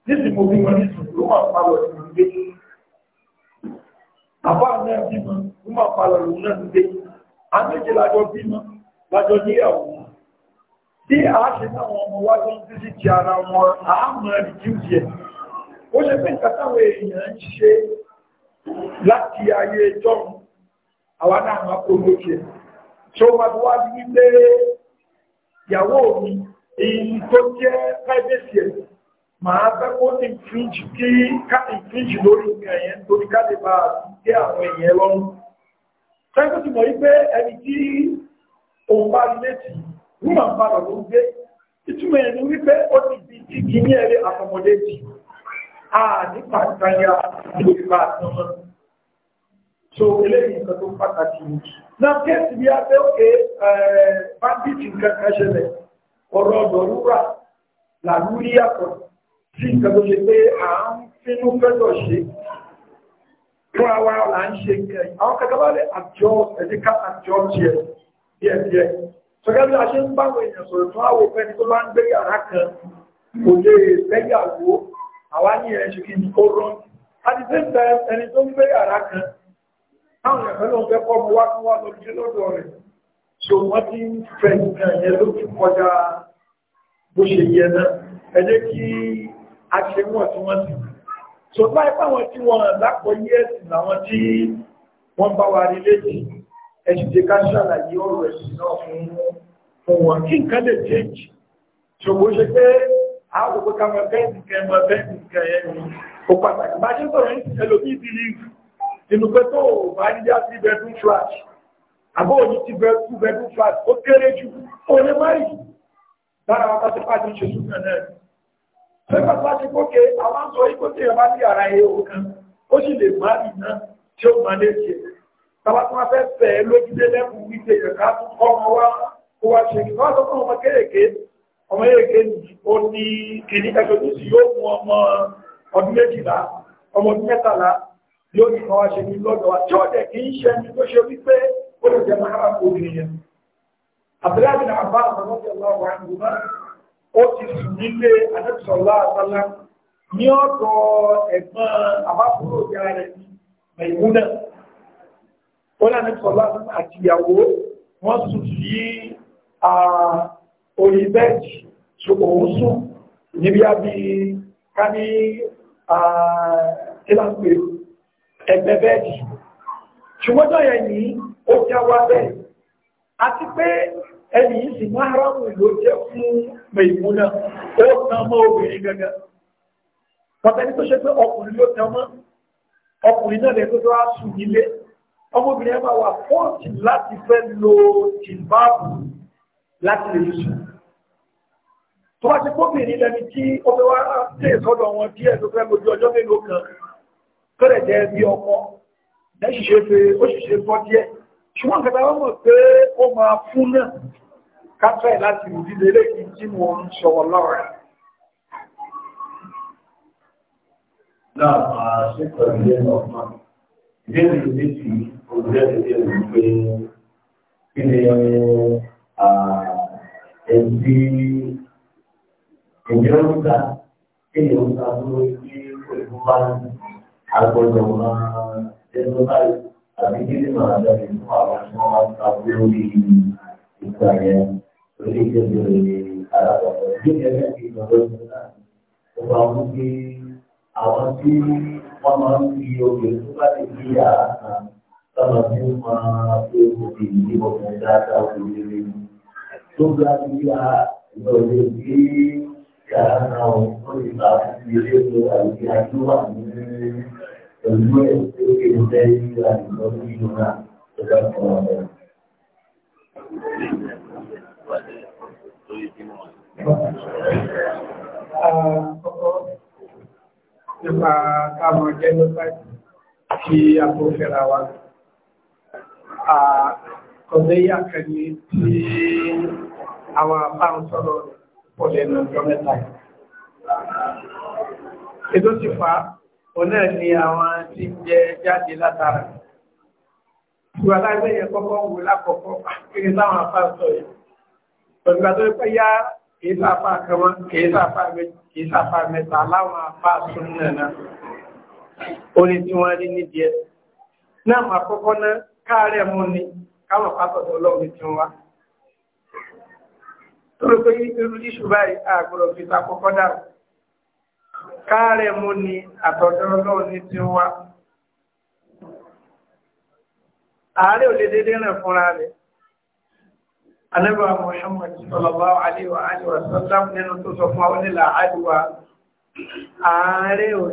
nísì mo bí wọn nísì ló máa pa lọ lòún dé àbá náà bímọ ló máa pa lọ lòún náà dé àméjì lájọ bímọ lájọ níyàwó tí a ṣe náà wọn ọmọ wájú ń títí ti ara wọn àmọ́ ẹni kí ó jẹ ó ṣe pé nǹkan táwọn èèyàn ń ṣe láti ayé jọ́run àwa náà máa kóró ṣe ṣó máa fi wá sí pé ìyàwó mi èyí tó jẹ́ privacy ẹ̀ máa fẹ́ kó ní fíjì kí ká ní fíjì lórí nǹkan yẹn torí ká bá gbé àwọn èèyàn lọ́rùn sẹ́kùn ti mọ̀ yí ẹni tí òun bá rí létí rúmà ń bá lọ ló ìtumọ̀ ẹ̀ ni wípé ó ti di kìíní ẹ̀rẹ́ àtọmọdé jù nípa ìtàyà ìgbà àtúnmọ́. So eléyìí nǹkan tó pàtàkì ní. Náà kéèsì bí abẹ́ òkè bandage nǹkan kan ṣẹlẹ̀, ọ̀rọ̀ ọ̀dọ̀ rúra làlú rí yàtọ̀ sí nǹkan tó ṣe pé à ń finú fẹ́lọ̀ ṣe. Fún àwa là ń ṣe nǹkan yìí. Àwọn kankan bá lè àjọ ẹ̀díkà àjọ tiẹ̀ díẹ̀díẹ̀. Sọ̀kẹ́ bí a ṣe ń báwọn èèyàn sọ̀rọ̀ fún àwọn òfin tó bá ń gbé yàrá kan kò lè fẹ́yàwó àwa ní ẹ̀ ṣe kí ni ó rán àti sí ìfẹ́ ẹni tó ń gbé yàrá kan táwọn ẹ̀fẹ́ ló ń fẹ́ kọ́ mu wá fún wa lójú lọ́dọ̀ rẹ̀ so wọ́n ti ń fẹ́ nǹkan yẹn ló ti kọjá bó ṣe yẹ náà ẹ jẹ́ kí a ṣe wọ́n tí wọ́n ti so láì fáwọn tí wọ́n lápò yẹ́sì làwọn tí wọ́n bá wa rí létí ẹ sì ti ká ṣàlàyé ọ̀rọ̀ ẹ̀sìn náà fún wọn kí nǹkan lè change ṣògbó àwọn òpó ká máa bẹ́ẹ̀ nìkan máa bẹ́ẹ̀ nìkan ẹ̀ o pàtàkì bá ṣe sọ̀rọ̀ ní ẹlòmí ìbílíìfù nínú pé tó bá ní já sí bedroom flat àbó òní ti two bedroom flat ó kéré jù ó lè má rí lára wọn pàṣẹ pàṣẹ ṣe súnmọ́ náà pẹ́pẹ́ pàṣẹ kókè àwọn sọ ikó tí ìyẹn bá ní ara ẹ̀ ó kan ó sì lè má rí náà tí ó máa lè jẹ tàbá tí wọ́n fẹ́ fẹ́ lójúdé lẹ́kùn wípé ẹ̀ka tó kọ́ ọmọ yẹ́gẹ́ ó ní kìíní ẹgbẹ́ tó sì yóò mú ọmọ ọdún méjìlá ọmọ ọdún mẹ́tàlá yóò ní kan wá ṣe ní lọ́dọ̀ wa tí ó dẹ̀ kìí ṣe ẹni tó ṣe wípé ó lè jẹ máa kó obìnrin yẹn àbúrádì náà bá àbúrádì ọlọ́wọ́ àìgbòmọ́ ó ti sùn nílé àti ìyàwó wọ́n sùn sí orí bẹ́ẹ̀dì òun sùn níbi àbí ká ní tílápé ẹgbẹ́ bẹ́ẹ̀dì ṣùgbọ́n tó yẹ ní ó já wá bẹ́ẹ̀ àti pé ẹni yìí sì máa rámù ló jẹ́ fún Maimuna ó tan mọ́ obìnrin gangan pàtàkì tó ṣe pé ọkùnrin ló tan mọ́ ọkùnrin náà lẹ́tọ́ tó á sùn nílé ọmọbìnrin ẹ máa wà fọ́ọ̀tì láti fẹ́ lo jìlbáàbù láti lè lùsù tó bá ti kóbìnrin lẹni tí ó fẹ́ wá sí ìsọ́dọ̀ wọn díẹ̀ tó fẹ́ lójú ọjọ́ mélòó kan kọ́lẹ̀ jẹ́ bí ọkọ lẹ́ṣìṣẹ́ pé ó ṣìṣẹ́ fọ́ díẹ̀ ṣùgbọ́n kẹta wọ́n mọ̀ pé ó máa fún náà kátẹ́ láti ìdílé lẹ́yìn tí mo ń sọ ọlọ́rẹ̀ náà máa ṣètò ilé ọ̀gbọ́n ìbéèrè méjì olùdẹ́gbẹ̀ẹ́ pé kí ni ẹ̀sí ẹ̀jẹ̀ ọ̀gá kéèyàn ń ta tó kí òkú bá ní agbọ́dọ̀ máa tẹ́tọ́ báyìí àbí kí ni màá dàbí fún àwọn tí wọ́n máa ta tó lórí ìgbà yẹn lórí ìjẹ́jọ́ alábọ̀dọ̀. Bí ẹgbẹ́ ti lọ́dọ̀ ní náà, ó máa mú kí àwọn tí wọ́n máa ń fi oge tó bá ti fi yàrá kan, sọ́nà tí wọ́n máa fi oge ìdíbò fún dáadáa òkú lórí lọ́gbà bí i lọ́lẹ̀ bí kàánà ọ̀pọ̀ ìgbà fún ilé ìlú àti àdúrà ní pẹ̀lú ẹ̀ tó kéde lẹ́yìn àdúrà ní ìlú náà tó bá fọ́ ọ lọ. Nípa káàmọ̀ jẹ́ lọ́pàá tí a tó fẹ́ra wa ọ̀dẹ́yà kẹni tí àwọn àpáhùn sọ́rọ̀ pọ̀lẹ̀ ìrìnàjò mẹ́ta. Èdó ti fa, ọ̀nà ni àwọn tí jẹ jáde látara. Ìwà láìpẹ́ yẹn kọ́kọ́ wù lákọ̀ọ́kọ́ ah, kiri táwọn àpáhùn sọ yìí. Ọ̀gbà tó pẹ́ yá kìí sáfà kama kìí sáfà méjì kìí sáfà mẹ́ta láwọn àpáhùn sọ náà. Ó ní tí wọ́n rí nídìí ẹ̀. Náà àkọ́kọ́ náà káàárẹ̀ mú ni káwọn pátọ̀dọ̀ ọlọ́run ti wá torí pé irú iṣu báyìí àgbọ̀rọ̀ fi takọ́kọ́ dàrú káàrẹ̀ mú ni àtọ̀dọ̀ ọlọ́run ní ti wá ààrẹ ò lè dédé rìn fúnra rẹ̀ anábà Muhammad sallallahu alaihi wa alihi wa sallam nínú tó sọ fún àwọn nílà àdúwà ààrẹ ò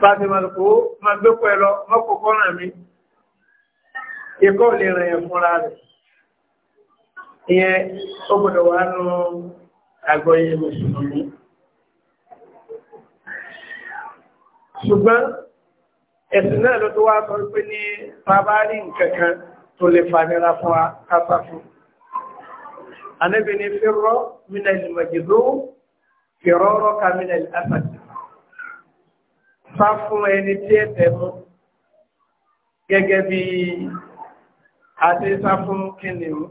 fàtí màlùkù ma gbé pẹ́ lọ mọ́kòkò ràn mí ikọ́ lè rìn ẹ̀ fúnra rẹ̀ ìyẹn ó gbọ́dọ̀ wà nù àgbọ̀yé mùsùlùmí ṣùgbọ́n ẹ̀sìn náà ló tó wá sọ pé ní bàbá rí tó lè fanira fún wa kápá fún anábìnrin fi rọ́ mínà ìlú mọ̀jìdó fi rọ́rọ́ ká mínà ìlú sá fún ẹni tí ẹ̀tẹ̀ mú gẹ́gẹ́ bí adé sá fún kìnìún.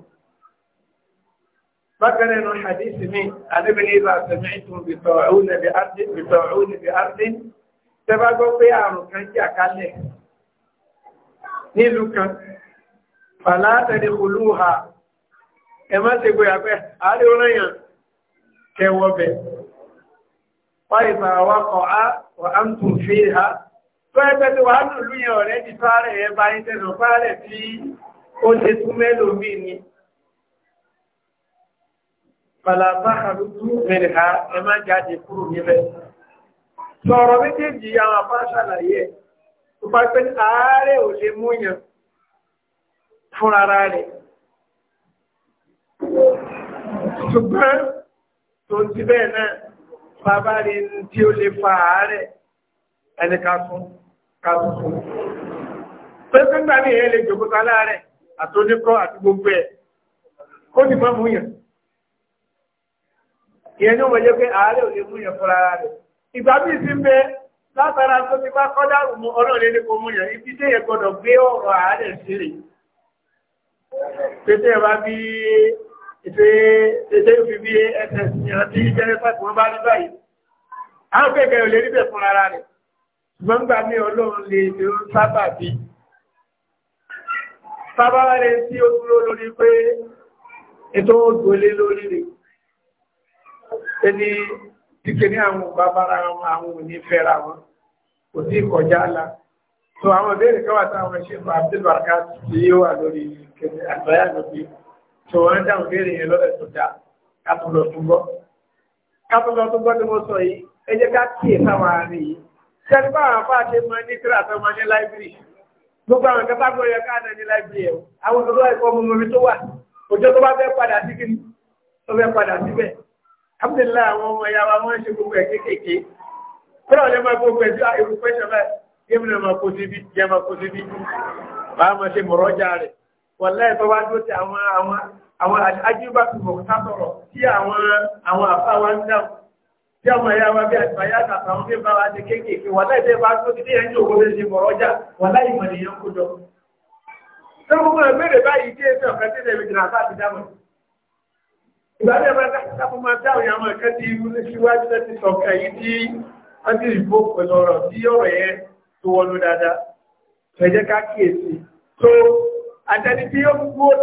Bákan nínú hadisi mi, àdébìnrin ìlú àtẹ̀mí ìtún bìtọ̀ òun ẹ̀bí ardí bìtọ̀ òun ẹ̀bí ardí. Tẹ́bá gbọ́ pé àrùn kan jà kálẹ̀ nílùú kan. Fàlá tẹ̀lé olú ha. Ẹ má ṣe gbé àpẹ́, àárẹ̀ ó kẹwọ́ bẹ̀ fáìfà awakọ̀ á wà á ń tún fi ha tó ẹgbẹ́ tí wàá nù lóyìn ọ̀rẹ́ ti fárẹ̀ ẹ bá ń tẹ̀sán fárẹ̀ tí ó ṣe tún mélòó mi ni. Fàlàfà àdúgbò mẹ́rin ha ẹ má jáde kúrò Ṣùgbọ́n tó ti bẹ́ẹ̀ náà bàbá rí tí ó lè fa àárẹ̀ ẹni kásún kásún fún pé fẹ́gbà ní èyẹ lè jòkóta láàrẹ̀ àtúndíkọ́ àti gbogbo ẹ̀ kó ní mọ́ mú yàn ìyẹn ní wọ́n jẹ́ pé àárẹ̀ ò lè mú yàn fúnra rẹ̀ ìgbà bí sí ń bẹ látara tó ti bá kọ́dá rùmú ọlọ́run ní kò mú yàn ibi tí yẹ gbọ́dọ̀ gbé ọ̀rọ̀ àárẹ̀ ìfẹ́ fi bí ẹ̀sẹ̀ ìrántí jẹ́rẹ́ pàtàkì wọ́n bá rí a ń pẹ̀kẹ́ ò lè rí bẹ̀ fún ara rẹ̀ ṣùgbọ́n gbà mí ọlọ́run lè lè ń sábà bí. sábà rẹ̀ tí ó dúró lórí pé ètò ògbólé lórí rẹ̀ ẹni kíkẹ́ ní àwọn bàbára wọn àwọn òní fẹ́ra wọn kò sí ìkọjá la so àwọn ìbéèrè káwà táwọn ṣe fún Abdul Barakat tí yóò wà lórí tó wọ́n dáhùn béèrè yẹn lọ́dọ̀ tó dáa kátó lọ tó gbọ́. kátó lọ tó gbọ́ ni mo sọ yìí ẹ jẹ́ ká kíyè sáwọn àárín yìí. sẹ́ni báwọn afá ṣe máa ní kíra tó máa ní láìbírì. gbogbo àwọn kẹfà gbọ́ yẹ káàdà ní láìbírì ẹ̀ àwọn òṣèlú ẹ̀kọ́ ọmọ mi tó wà òjò tó bá fẹ́ padà sí kí tó fẹ́ padà síbẹ̀. Alhamdulillah àwọn ọmọ ẹ̀yà wa wọ́n ń ṣe gbogbo ẹ̀ kéékèèké. kúrò lè máa gbogbo ẹ̀ sí irú pẹ́ṣẹ̀ báyìí yé mi náà wọ̀lẹ́ tó wá dó ti àwọn àwọn àwọn ajínigbà tó mọ̀ ká sọ̀rọ̀ tí àwọn àwọn àfa wa ń dáhùn tí ọmọ ẹ̀yà wa bí àtìmọ̀ ayá àtàtà wọn bí bá wa ṣe kéékèèké wọ̀lẹ́ ìdẹ́ bá tó ti ní ẹni òwò lè ṣe ọjà wọ̀lẹ́ ìmọ̀ nìyẹn kó jọ. tó gbogbo ẹ̀ báyìí dé ẹsẹ̀ ọ̀kan tí ẹ̀mí jìnnà àbá dáhùn. ìgbà máa dáhùn yà máa kẹ́ àtẹni tí yóò kú ó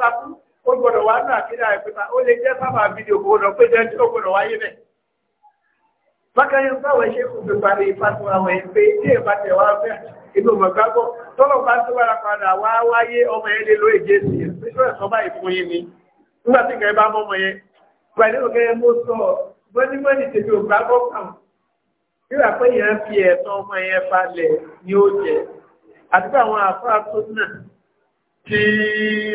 takú ó gbọ́dọ̀ wá náà kí náà ìpínlẹ̀ ó lè jẹ́ sábà fídíò kó lọ pé jẹ́ tí ó gbọ́dọ̀ wáyé bẹ̀. bákan báwo ṣe kò fi parí ìfàtò àwọn ẹgbẹ́ tí èèpà tẹ̀ wá fẹ́ inú mọ̀gbá gbọ́ tọ́lọ̀ bá tó wára padà wá wáyé ọmọ yẹn lè ló èjé sí ẹ̀ pẹ̀lú ẹ̀sọ́ báyìí fún yín ni nígbà tí nǹkan ẹ bá mọ́ ọmọ yẹn pẹ̀lú òkè mo sọ gbọ́dígbọ́dì tèmi ò gbá kàn nígbà pé yẹn fi ẹ̀tọ́ ọmọ yẹn falẹ̀ ni ó jẹ àti pé àwọn àfáà tó náà tí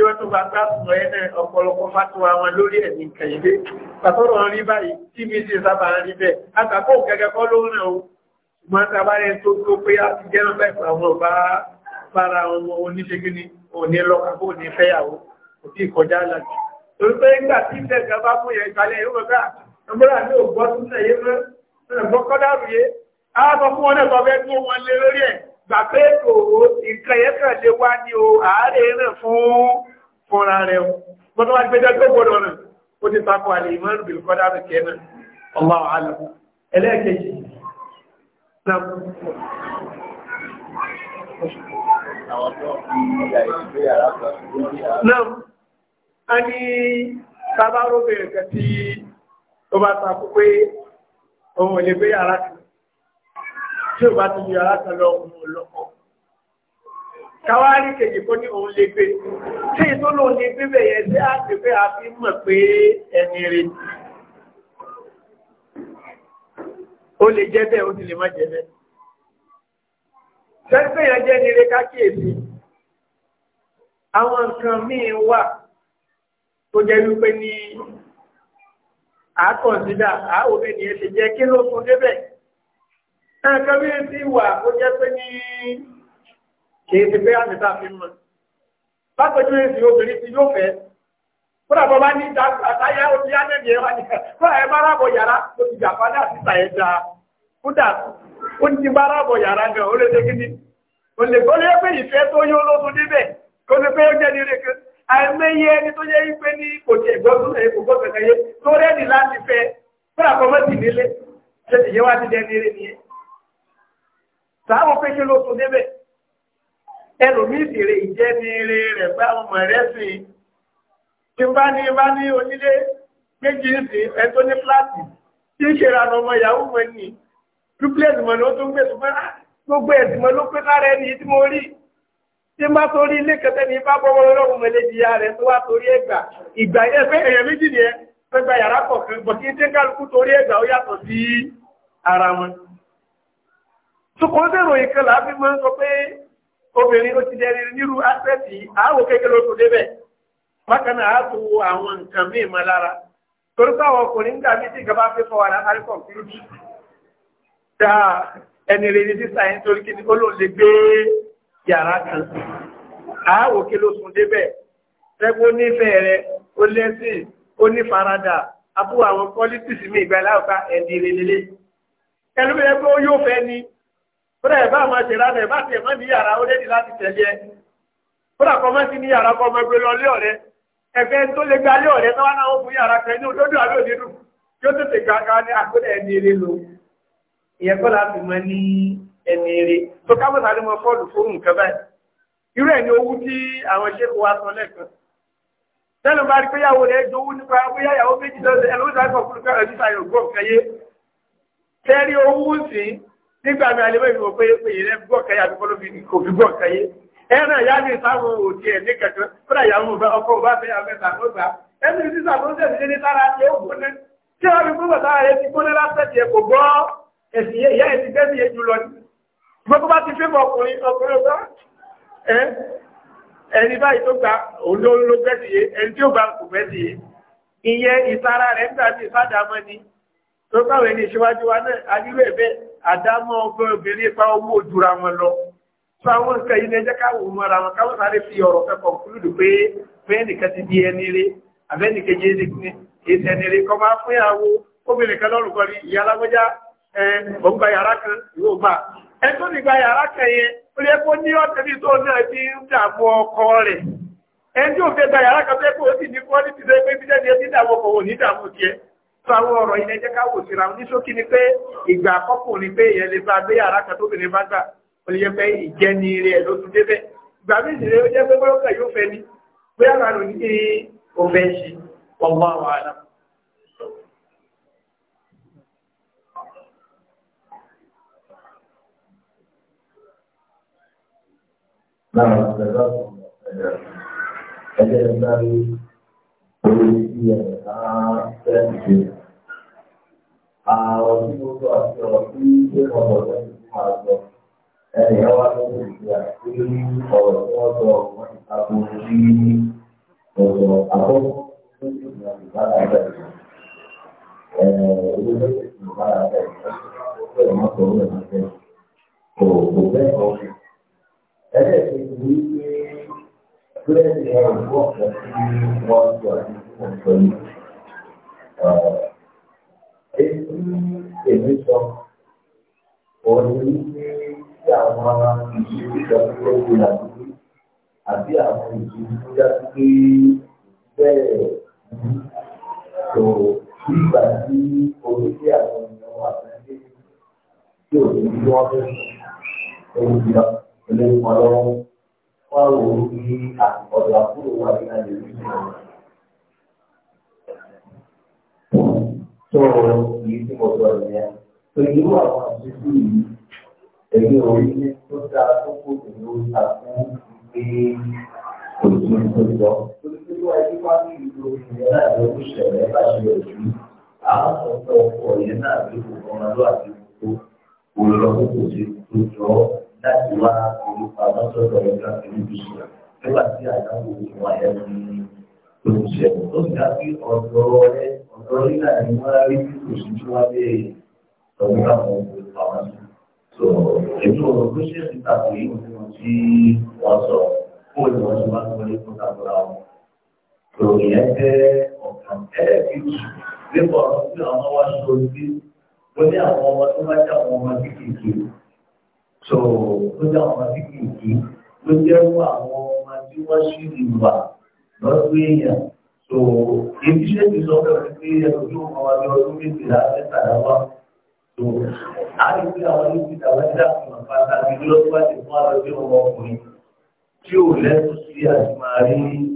wọ́n tó bá bá sùn ẹ́ náà ọ̀pọ̀lọpọ̀ fatuwa wọn lórí ẹ̀mí kẹ̀yìndé pàtọ́rọ̀ rí báyìí tí mi ṣe sábà ń rí bẹ́ẹ̀ àtàkó gẹ́gẹ́ kọ́ ló ràn ó ṣùgbọ́n tabarẹ́ tó tó pé a ti jẹ́rán bẹ́ẹ̀ fún àwọn ọba bára ọmọ oníṣegíní òní lọ́ka kó ní fẹ́yàwó kò tí kọjá láti. torí pé nígbà tí ìṣẹ̀gá bá fún yẹn ìgbàlẹ̀ yóò gbà ọgbọ́dà ní ògbọ́ gbàgbé òwò nǹkan yẹn kàn lè wá ní o àárẹ̀ rẹ̀ fún fúnra rẹ̀ o gbọ́dọ̀ wá gbẹ́jọ́ tó gbọ́dọ̀ rẹ̀ ó ti takò àlè ìmọ̀rún bìlù kọ́dá rẹ̀ kẹ́ náà Allahu alam ẹlẹ́ẹ̀kejì náà náà a ní sábà tí ó bá takò pé òun ò yàrá kan tí o bá ti yọ alákọ̀ọ́lọ́ òun ọlọ́kọ̀. Káwárí kejì kó ní òun lè gbé. Tí ìtò lòun ní bíbẹ̀ yẹn sí àti pé a fi mọ̀ pé ẹni rẹ̀. Ó lè jẹ́ bẹ́ẹ̀, ó sì lè má jẹ́ bẹ́ẹ̀. Sẹ́ńpẹ̀ yẹn jẹ́ nire kákíyèsí. Àwọn nǹkan míì wà tó jẹ́ wípé ní àkọ̀sídà, àwòrán ènìyàn ti jẹ́ kí ló fún débẹ̀ ẹ̀kọ́ bí ti wà ó jẹ́ pé ní kìí ti pé àmìta fi mọ̀ lápẹjú èsì obìnrin ti yóò fẹ́ kódà bọ́ bá ní àtàyà ó ti á nẹ́bí ẹ̀ wá ní kódà ẹ bá rábọ̀ yàrá ó ti jàpá ní àtìsà ẹ̀ dáa kódà ó ti bá rábọ̀ yàrá gan ó lè ṣe kí ni ó lè gbọ́ lé pé ìfẹ́ tó yó ló tún débẹ̀ kó lè pé ó jẹ́ ní rẹ̀ kan àìmẹ́yẹ ẹni tó yẹ wípé ní kò jẹ́ sáwọn pé kí ló tó débẹ̀ ẹlòmíì sì rè jẹ́ ní eré rẹ̀ pé àwọn ọmọ rẹ̀ sìn tí bá ní bá ní onílé méjì ń sìn ẹ tó ní fúláàtì tí ń ṣera ọmọ yahoo mọ ni duplex mọ ni ó tún gbé ṣùgbọ́n ah, gbogbo ẹ̀sìn mọ ló pé lára ẹni tí mo rí tí bá torí ilé kẹtẹ ní bá bọ́ wọn lọ́rùn mọ eléjìyà rẹ̀ tó wá torí ẹgbà ìgbà yẹn pé méjì nìyẹn fẹ́ gba yàrá kọ̀ọ̀kan bọ̀ kí n tẹ́ kálukú torí ẹgbà ó yàtọ̀ sí ara wọn tukọ̀ dẹ̀rọ ìkan láàbí máa ń sọ pé obìnrin ó ti dẹ̀rí nírú aspẹ́tì àáwò kékeré tó débẹ̀ bákan náà àtò àwọn nǹkan míì máa lára torí pé àwọn ọkùnrin nígbà mí tí ìjọba fi fọwọ́ ara parí kọ̀ǹpútì dá ẹni rẹ̀ ní sísá yẹn torí kíni ó ló lè gbé yàrá kan àáwò kí ló débẹ̀ fẹ́gbó nífẹ̀ẹ́ rẹ̀ ó lẹ́sìn ó ní faradà abúrò àwọn pọ́lítìsì mi ìgbà láwùká ẹ̀dì ẹlòmíràn pé ó yóò fẹ́ ni kódà ẹ̀ bá máa ṣe lánà ẹ̀ bá tiẹ̀ má ní yàrá ó lédi láti tẹ̀lé ẹ kódà kọ́ má sí ní yàrá kọ́ ọmọ ẹgbẹ́ lọ lé ọ̀rẹ́ ẹgbẹ́ tó lè gba lé ọ̀rẹ́ náà ó fún yàrá kan ní tí ó tètè ní lo ìyẹn kọ́ láti mọ ní ẹni eré tó ká ni mo fọ́ọ̀lù fún nǹkan báyìí irú ẹ̀ ní tí àwọn sọ tẹ́lẹ̀ bá rí rẹ̀ jowú nípa bóyá méjì lọ́sẹ̀ nígbà mi alẹ́ bẹ́ẹ̀ wọ́n pé èyí rẹ̀ gbọ́ kẹyà àti bọ́lọ́ fi kò fi gbọ́ kẹyẹ ẹ̀rọ ìyá mi sáwọn òtí ẹ̀ ní kẹ̀kẹ́ kọ́dà ìyàwó ọkọ̀ bá fẹ́ abẹ́ sàánú gbà ẹ̀mí sísà tó ń tẹ̀lé ní sára tiẹ̀ ò gbóná tí wọ́n fi gbọ́dọ̀ sára rẹ̀ ti gbóná lásẹ̀ tiẹ̀ kò gbọ́ ẹ̀sìn ìyá ẹ̀ ti gbẹ́sì yẹn jù lọ ní. gbogbo bá ti ẹni báyìí tó gba rẹ̀ ń gbà ìsádàmọ́ ni tó káwé ní ìṣíwájú wa náà adúlé bẹ́ẹ̀ àdámọ́ ọgbọ́n obìnrin pa owó òjúra wọn lọ tó àwọn nǹkan yìí lẹ́jẹ́ káwò mọ́ra wọn káwọ́ sáré fi ọ̀rọ̀ fẹ́ kọ̀ǹkúlùdù pé fẹ́ẹ̀nìkan ti di ẹni rí abẹ́nìkejì èsì ẹni rí kọ́ máa fún ìyàwó obìnrin kan lọ́rùn kọrí ìyá ọgbà yàrá kan yóò gbà ẹ tó yàrá kan yẹn ó kó ní tó náà sáwọ́ ọ̀rọ̀ ilẹ̀ jẹ́ káwò síra ní ṣókí ni pé ìgbà àkọ́kùnrin pé ìyẹn lè bá gbé yàrá kan tóbìnrin bá gbà ó lè jẹ́ pé ìjẹni rẹ̀ ló tún débẹ̀ ìgbà mí ìdílé ó jẹ́ pé bọ́lọ́kà yóò fẹ́ ni pé àrà rò ní òfẹ́ ṣe ọgbà wàhálà. Náà, ìgbàgbọ́ ẹ̀jẹ̀ ìgbàgbọ́ orí tí búrẹ́dì ẹ̀ òwú ọ̀pọ̀ tí wọ́n sọ ní ọ̀pọ̀ yìí. Èyí èmi sọ, òní ní tí àwọn ìṣe ìjọ tó ti là lórí àbí àwọn ìṣe tó dájú pé bẹ́ẹ̀ tó nígbà tí oríṣi àwọn ènìyàn wà lórí tí òní tí wọ́n fẹ́ ṣe é ń gbà lórí wọn lọ́wọ́ wọ́n wò ọ̀dọ̀ àkúrò wà ní àlè tó yìí tí mo sọ ìyẹn tó irú àwọn àṣìṣe yìí èyí orí ní tó dáa tó kó ìlú àfún pé kò tó sọ. olùdókòwò ẹni wá ní ìlú ìyẹn náà ló ń ṣẹlẹ̀ bá ṣe òjú àwọn ọ̀pọ̀ ọ̀pọ̀ ìyẹn náà ló kò kọ́ ọmọlúwàbí tó kó olùdókòwò sí tó sọ láti wá orúkọ lọ́sọ̀rọ̀ ìgbà olùdíṣẹ́ nígbà tí àdáwò ìwà ẹni olùṣẹ́ tó ń dá sí ọ̀dọ́ rẹ ọ̀dọ́ nígbà tí wọ́n rí oṣù tí wọ́n lè tọ́jú àwọn olùkọ́ àwọn sí. tó ètò olùṣẹ́ ti tàbí ohun tí wọ́n sọ fún ìwọ̀nsí wọn tó wọlé fún tàbúrà wọn. tó ìyẹn jẹ́ ọ̀kan ẹlẹ́ẹ̀kejì so ló jẹ́ ọmọ tí kì í kí ló jẹ́ wọ́n àwọn ọmọ tí wọ́n sì lè wà lọ́dún èèyàn so èyí ṣe ti sọ fẹ́ pé ẹlòmí ọmọ wa ní ọdún méjìlá mẹ́tàlá wa so a lè fi àwọn ilé ìgbà wá sí àfihàn pàtàkì lọ́dún wá sí fún àlọ́bí ọmọ ọkùnrin tí ò lẹ́tọ̀ọ́ sí àti máa rí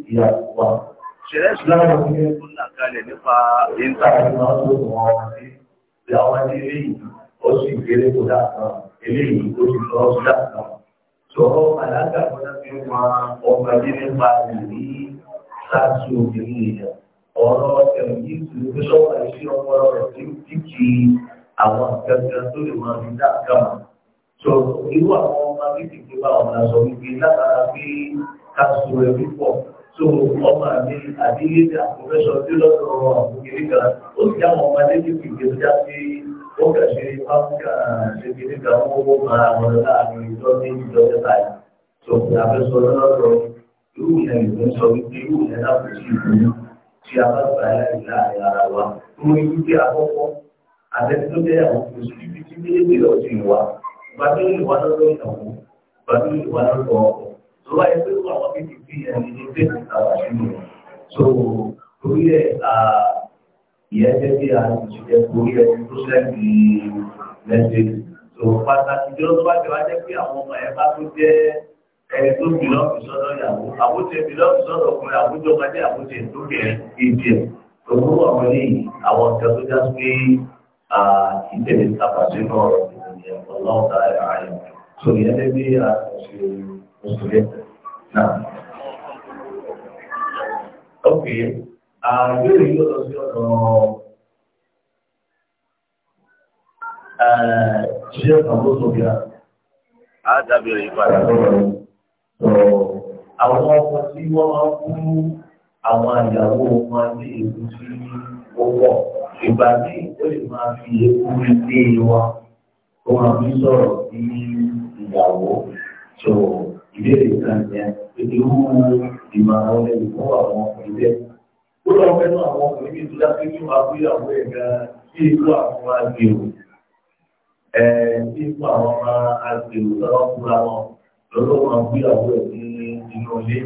ìyàwó wa. ṣẹlẹ̀ ìṣúná wọn ní ẹgbẹ́ ńlá kalẹ̀ nípa ìntàkùn náà tó wọn ọmọdé àwọn ilé yìí ó sì kéré kó dáa náà eléyìí tó ti lọ dáadáa sọ̀rọ̀ àlágà bọ́lá fi wá ọmọ ilé nípa ìrí sáàsì obìnrin èèyàn ọ̀rọ̀ ẹ̀mí ìtùnú pé sọ́wọ́ àìsí ọmọ rẹ̀ tí ó ti kí àwọn akẹ́kẹ́ tó lè máa fi dá àkàmà sọ irú àwọn ọmọ akéèké tó bá ọ̀nà sọ wípé látara pé káàsù rẹ̀ púpọ̀ tó ọmọ mi àdílé àkọ́fẹ́sọ tí lọ́dọ̀ àwọn òkèèrè kan ó sì dáwọn ọmọ adé kékeré tó já sí ó kẹ̀sí áfíríkà ṣébi níta wọn kó mara wọn láàrin ìjọ ní ìjọ mẹ́ta yìí tó kí a fẹ́ sọ lọ́dọ̀ irú yẹn ìlú ń sọ wípé irú yẹn náà kò sí ìlú tí a bá gbà láì láàrin ara wa fún irú bí àkọ́kọ́ àtẹ́tẹ́tẹ́ àwọn kò sí ibi tí pé àwọn kékeré yẹn so torí ìyẹn jẹ́ kí a ti ṣe orí ẹni tó ṣẹ́gi lẹ́sẹ̀ tó pàtàkì jọ tó bá jẹ wá jẹ́ kí àwọn ọmọ ẹ̀ bá tó jẹ́ ẹni tó bìlọ́ọ̀bù sọ́dọ̀ ìyàwó àbójẹ bìlọ́ọ̀bù sọ́dọ̀ ọkùnrin àbójọ ọmọdé àbójẹ tó kẹ̀ èjì ẹ̀ òkú àwọn ní àwọn ọ̀gá tó já sí ìtẹ̀lé tàbàṣẹ́ náà ìyẹn ọlọ́ọ̀ta ẹ̀ ààyè tó ìyẹn lé Okay àgbèrè ah, yóò lọ sí ọ̀dọ̀ ṣíṣe ọ̀sán tó tóbi rà. a dábìrì ìpadà. àwọn ọkọ tí wọ́n máa ń fún àwọn àyàwó wọn ní èkó tí ó pọ̀ ìgbà tí ó lè máa fi èkó ilé wa ó máa fi sọ̀rọ̀ sí ìyàwó tó ìbéèrè kan yẹn pé irú ìmọ̀ràn olè ìfowópamọ́ ilé ó lọ fẹ́nu àwọn ọkùnrin bíi ìtura pé kí wọ́n á gbé àwọn ẹ̀gá sí ikú àwọn agbèrò ẹ̀ sí ikú àwọn ọmọ agbèrò lọ́wọ́ fúnra wọn lọ́wọ́ wọn gbé àwọn ẹ̀ ní inú ilé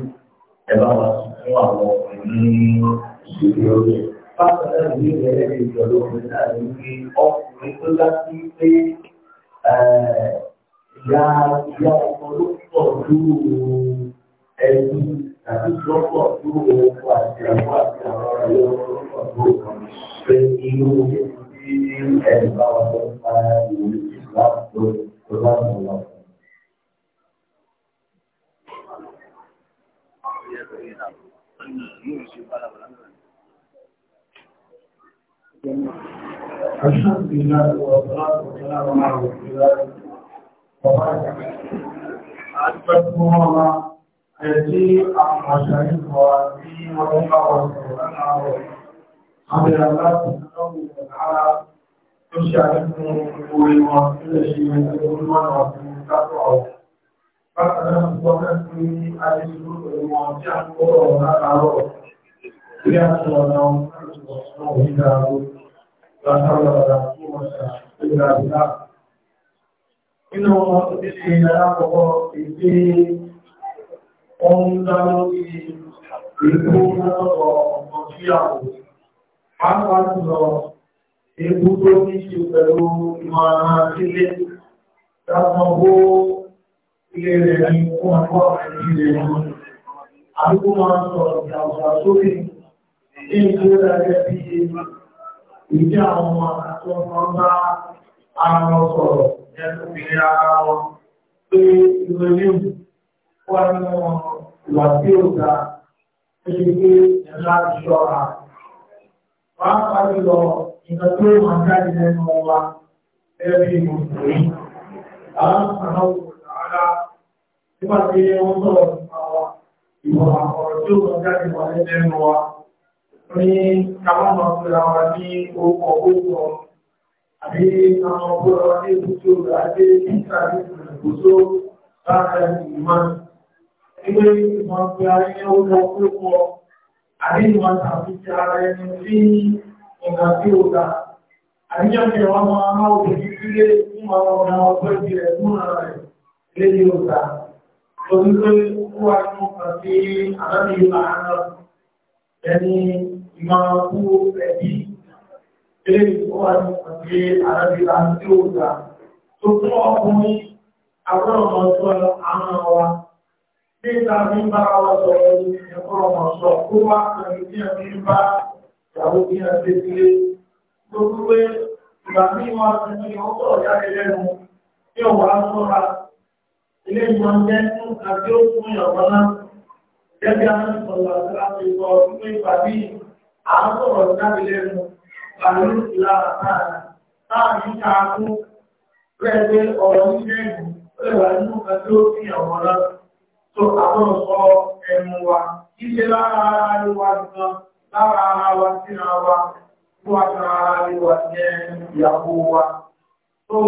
ẹ̀ bá wọn fún àwọn ọkùnrin ní ìṣèlú orí ẹ̀. Bákan náà ní ìlú ẹ̀rẹ́ ìjọba obìnrin náà ní pé ló pọ̀ lóòrùn ẹ̀dùn tàbí lọ́pọ̀ tó owó àti àwọn àti àwọn ọ̀rọ̀ lọ́pọ̀ tó kàn pé irú tí ẹ̀rù bá wà tó pa ìwé láti tó tó láti lọ. الحمد لله والصلاة والسلام على رسول الله وبعد أثبت الله ẹ̀tí àwọn àṣàrí kọ̀ àti ọdún bá wọ́n sọ̀rọ̀ náà rọ̀. Àbẹ̀rẹ̀ láti lọ́wọ́ ara tó ṣe àdínkù orí wọn sílẹ̀ ṣe ẹgbẹ̀rún wọn ọ̀sán ìtàkọ̀ ọ̀rọ̀. Bákan náà, wọ́n fẹ́ fún àdínkù orí wọn tí a kọ́ ọ̀rọ̀ látàárọ̀. Bí a ṣe ọ̀nà ọ̀hún ọ̀sán òhìnà látàárọ̀ àti ọ̀sán ìgbàlá. Nínú ìdíje alákọ̀ọ́kọ́ ìdí Òun dá lórí ikú lọ́rọ̀ ọmọ síyàwó. Pápá jùlọ, ikú tó ní ṣe pẹ̀lú ìmọ̀ ara sílé, dákan bó ilé rẹ̀ ní fún ọkọ̀ ìdílé wọn. Àdúgbò máa ń sọ ìjàmbá sókè ní ìgbéra rẹ̀ bí ìdí àwọn ọmọ àtọ́kọ́ bá wà nínú ìwà tí ó ga ẹni pé ẹ̀la ìṣọ́ra. Pàápàá jùlọ ìgbà tó máa jáde lẹ́nu wa ẹbí mùsùlùmí. Àwọn àwọn òṣàrá nígbà tí wọ́n sọ̀rọ̀ nípa wa, ìwà ọ̀rọ̀ tí ó máa jáde wà lẹ́nu wa. Ní káwọn máa fi ra wa ní orúkọ orúkọ àbí àwọn ọgbọ́n wa ní ibùdó àti ìgbà tí ìgbà tó bá ń Ilé ìmọ̀ pé ara ẹni ó lọ púpọ̀, àríwọ̀n tàbí ti ara ẹni sí ìgbà tí ó dá. Àríyàn ni wọ́n máa ń máa òbí sílé fún àwọn ọ̀nà ọgbẹ́ ti rẹ̀ fún ara rẹ̀ lé ní ó dá. Torí pé ó wà nínú kan sí àdábì tí ó dá. Tó fún ọkùnrin, àwọn ọmọ tó àwọn wa nígbà ní bára wọn sọ̀rọ̀ ẹ̀kọ́ ọmọ sọ kó wá pẹ̀lú bí ẹni ń bá ìyàwó bí ẹni ṣe sílé tó kú pé ìgbà tí wọn ti ní wọn sọ̀rọ̀ jáde lẹ́nu tí ọ̀wọ́ á sọ́ra ilé ìwọ̀n jẹ́ fún àti ó fún ìyàwó náà gẹ́gẹ́ àwọn ìsọ̀rọ̀ àti láti sọ pé ìgbà bí à ń sọ̀rọ̀ jáde lẹ́nu pàlú ìlara táà táà ní ká kú rẹ̀ pé ọ̀rọ̀ yíyẹ́ ìlú ó lè wà nínú àti ó tó àbọ̀rọ̀ sọ ẹnu wa ìṣe lára ara ní wa gan lára ara wa síra wa tó wá sára ara ní wa jẹ́ ìyàwó wa tó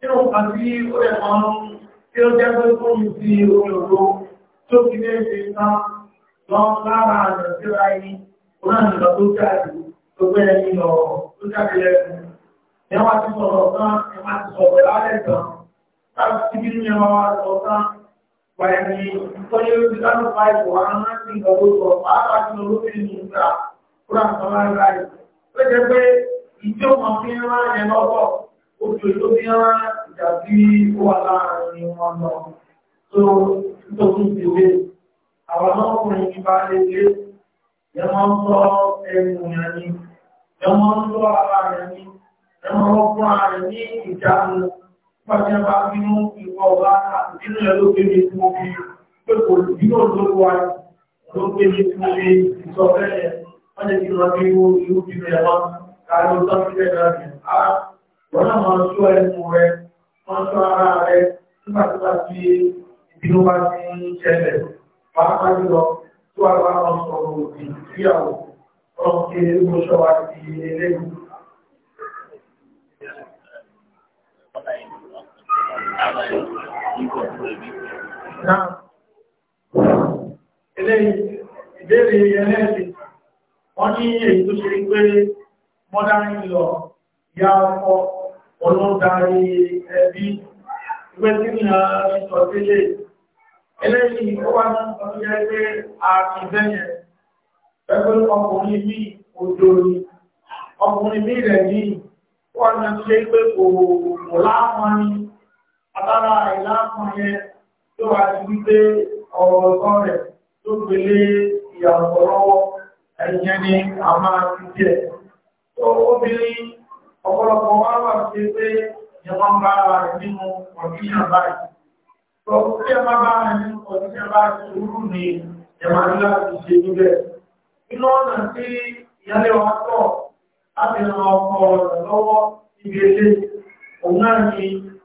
nínú kan tí ó yẹ kan tí ó jẹ́ pé fún mi sí omi òdo tó fi lé ṣe tán lọ lára àjọ síra ẹni onáàlùlọ tó jáde tó gbé ẹni lọ tó jáde lẹ́nu ẹwà ti sọ̀rọ̀ tán ẹwà ti sọ̀rọ̀ lálẹ́ tán láti bí ní ẹwà wa sọ tán wàyí ìtọ́jú ìdánù báyìí wà á ti ń gbọ́ lọ pàápàá tí olóbìnrin ní ìgbà kúrò àtọ́lá láì tó jẹ́ pé ìjọ kan fi ń rán ẹ̀ lọ́wọ́ ojú tó fi ń rán ìjà sí wà láàrin wọn lọ tó nítorí ìdílé àwọn ọmọkùnrin ní bá léde ẹ máa ń sọ ẹnu yẹn ni ẹ máa ń sọ ara rẹ ni ẹ máa ń fún ara rẹ ní ìjánu pàjẹba nínú ìwọ ọ̀la nínú ẹ̀ ló gbémi tí mo fi pé kò yíò lóko wa ló gbémi tí mo fi sọ bẹ́ẹ̀ wọ́n lè fi lọ bí irú irú bí rẹ̀ wọ́n kárí ó tán sílẹ̀ náà rẹ̀ á wọ́n náà máa sọ ẹnu rẹ̀ wọ́n sọ ara rẹ̀ nígbà tó bá ti ìbínú bá ti ń ṣẹlẹ̀ pàápàá jùlọ tó àgbà wọn sọ̀rọ̀ òdì síyàwó ọ̀kẹ́ ìmúṣọ́wá ti eléyìí Náà, eléyìí, ìbéèrè ẹlẹ́ẹ̀dẹ̀, wọ́n ní èyí tó ṣe pé mọ́dárí lọ ya ọkọ̀ olóòdarí ẹbí, ìgbẹ́ tí ní àṣìṣọ́ sílé. Eléyìí, ó wá ní ọdún pé a ti bẹ́yẹ̀ pẹ̀lú ọkùnrin mí òjò ni, ọkùnrin mí rẹ̀ ní, wọ́n ní ṣe pé kò láwọn ni alára ìlàkùn yẹn tó wà ti wípé ọ̀rọ̀ ọ̀tọ́ rẹ̀ tó gbélé ìyàwó lọ́wọ́ ẹ̀yẹn ni a máa ti jẹ́ tó obìnrin ọ̀pọ̀lọpọ̀ wá wà sí pé ìyàwó bá ara rẹ̀ nínú ọ̀díyàn báyìí tó kí ẹ má bá ara rẹ̀ nínú ọ̀díyàn báyìí sùúrù ni ẹ̀mà ní láti ṣe níbẹ̀ inú ọ̀nà tí ìyálé wa tọ̀ láti ni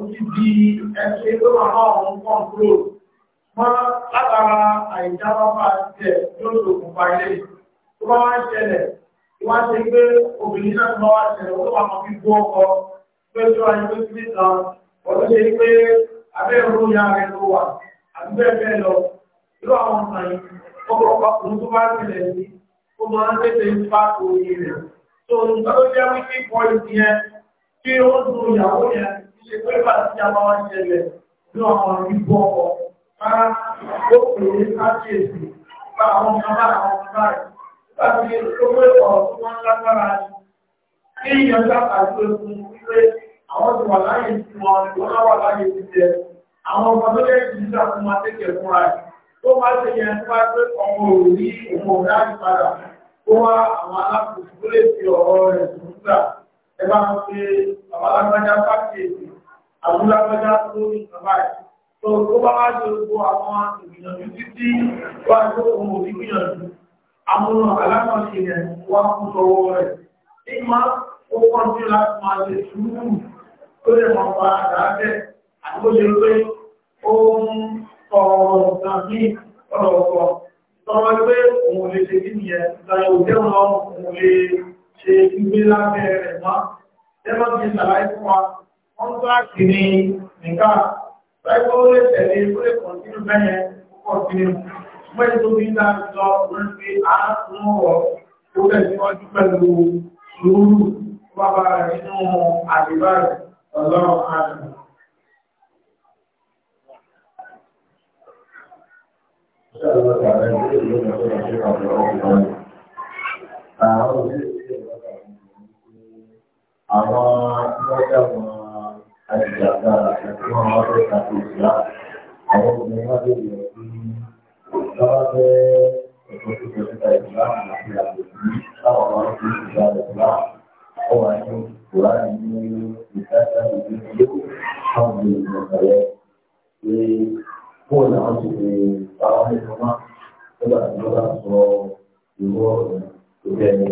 ó ti di ẹgbẹ́ tó máa bá òun pọ̀n kúrò mọ́ látara àìjábábá jẹ́ yóò lò kún pa ilé tó bá wá ń ṣẹlẹ̀ tó wá ṣe pé obìnrin náà tó bá wá ṣẹlẹ̀ ó tó máa fi gbó ọkọ pé tó wá ní pé sí nìkan ọ̀dọ́ ṣe pé abẹ́ ìrú ya rẹ̀ ló wà àti bẹ́ẹ̀ bẹ́ẹ̀ lọ irú àwọn ọ̀nà yìí ọkọ̀ ọkùnrin tó bá ṣẹlẹ̀ sí ó máa ń tètè ń pa òye rẹ̀ tó ń tọ́jú jẹ́ wípé pọ́ìntì yẹn kí ó dùn ìyàwó yẹn ṣe wẹ́bà tí a máa ń ṣẹlẹ̀ ní àwọn ìbú ọkọ̀ máa ni kí èèyàn dábà tó fún wípé àwọn ti wà láyé tí wọn ìwọ́n wà láyé ti jẹ àwọn ọmọ tó lẹ́yìn tí nígbà tó máa tẹ́kẹ̀ fúnra ẹ̀ tó máa ṣe yẹn tó bá pé ọmọ òrí òun ọ̀rẹ́ àyípadà ó wá àwọn alákòóso lè fi ọ̀rọ̀ rẹ̀ tó pe àwọn alágbájá pàkíyèsí àbúlágbẹ́dá tó ní bàbá ẹ̀ tó tó bá wá ní gbogbo àwọn ìgbìyànjú títí wá tó ohun òbí gbìyànjú àwọn alámọ̀ṣe rẹ̀ wá kú sọwọ́ rẹ̀ nígbà ó pọ̀ sí láti máa ṣe sùúrù tó lè mọ̀ pa àdáàbẹ̀ àtúnṣe pé ó ń ọ̀rọ̀ tàbí ọ̀rọ̀ ọ̀pọ̀ tọ́wọ́ pé òun lè ṣe kí nìyẹn láyé òjẹ́ wọn òun lè ṣe gbígbé lábẹ́ rẹ̀ mọ́ tẹ́lọ́ ti ṣàlàyé fún wa kọ́ńtíráàtì ni nìkan pẹ́kọ́ ó lè tẹ̀lé ó lè kọ̀ntínú bẹ́yẹ púpọ̀ sí ni mẹ́rin tó bí náà sọ orí pé a ń wọ̀ ó tẹ̀síwájú pẹ̀lú sùúrù bàbá rẹ̀ nínú àdìbá rẹ̀ ọlọ́run àdìbá. Àwọn tí wọ́n jẹ́ wọn àti àgbára ìwọ́ ọ̀rẹ́ tó bẹ́ẹ̀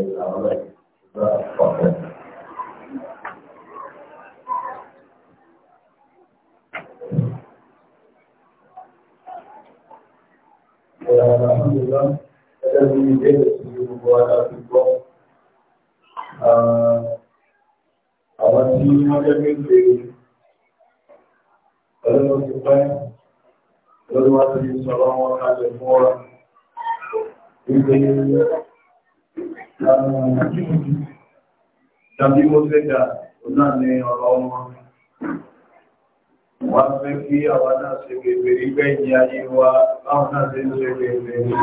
àwọn ọ̀rẹ́ ìgbà àpapọ̀. Alhamdulillah, ada lebih dari tujuh bulan artikel. Àwọn tí wọ́n jẹ́ méjì ọlọ́run ti pẹ́ lórí wá sí sọ̀rọ̀ wọn kalẹ̀ fún ọ́rọ̀. Ìgbé tàbí mo fẹ́ dà, ó náà ní ọ̀rọ̀ wọn wọ́n fẹ́ kí àwọn náà ṣe bèbèrè gbẹ̀yìn ayé wa láwọn náà ṣe ń ṣe bèbèrè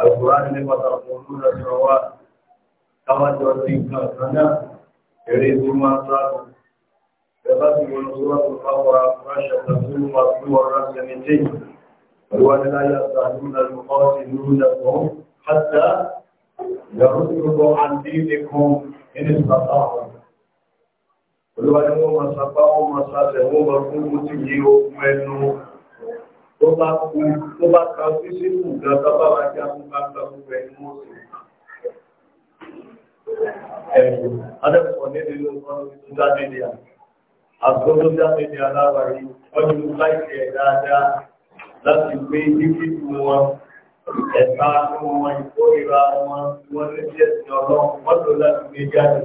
àgbòrán ilé pàtàkì olú lọ́sọ̀ wa káwájọ sí nǹkan kan náà eré tí máa sáàbù ẹ̀bá ti wọ́n lọ́wọ́ fáwọn afúráṣẹ́ tàbí wọ́n olúwa ni wọ́n máa sapá wọ́n máa sálẹ̀ wọ́n máa fún mú ti yí ohun ẹnu tó bá kú tó bá ka sí sínú ìgbà tó bá já fún bá ka fún ẹni mú sí. adẹ́kọ̀ọ́ nílé ló ń kọ́ ní social media àgbọ̀n social media láwàárí wọ́n ti lu láìsí ẹ̀ dáadáa láti gbé dígítù wọn ẹ̀ka wọn ìkórìíra wọn tí wọ́n ní sí ẹ̀sìn ọlọ́run wọ́n lò láti gbé jáde.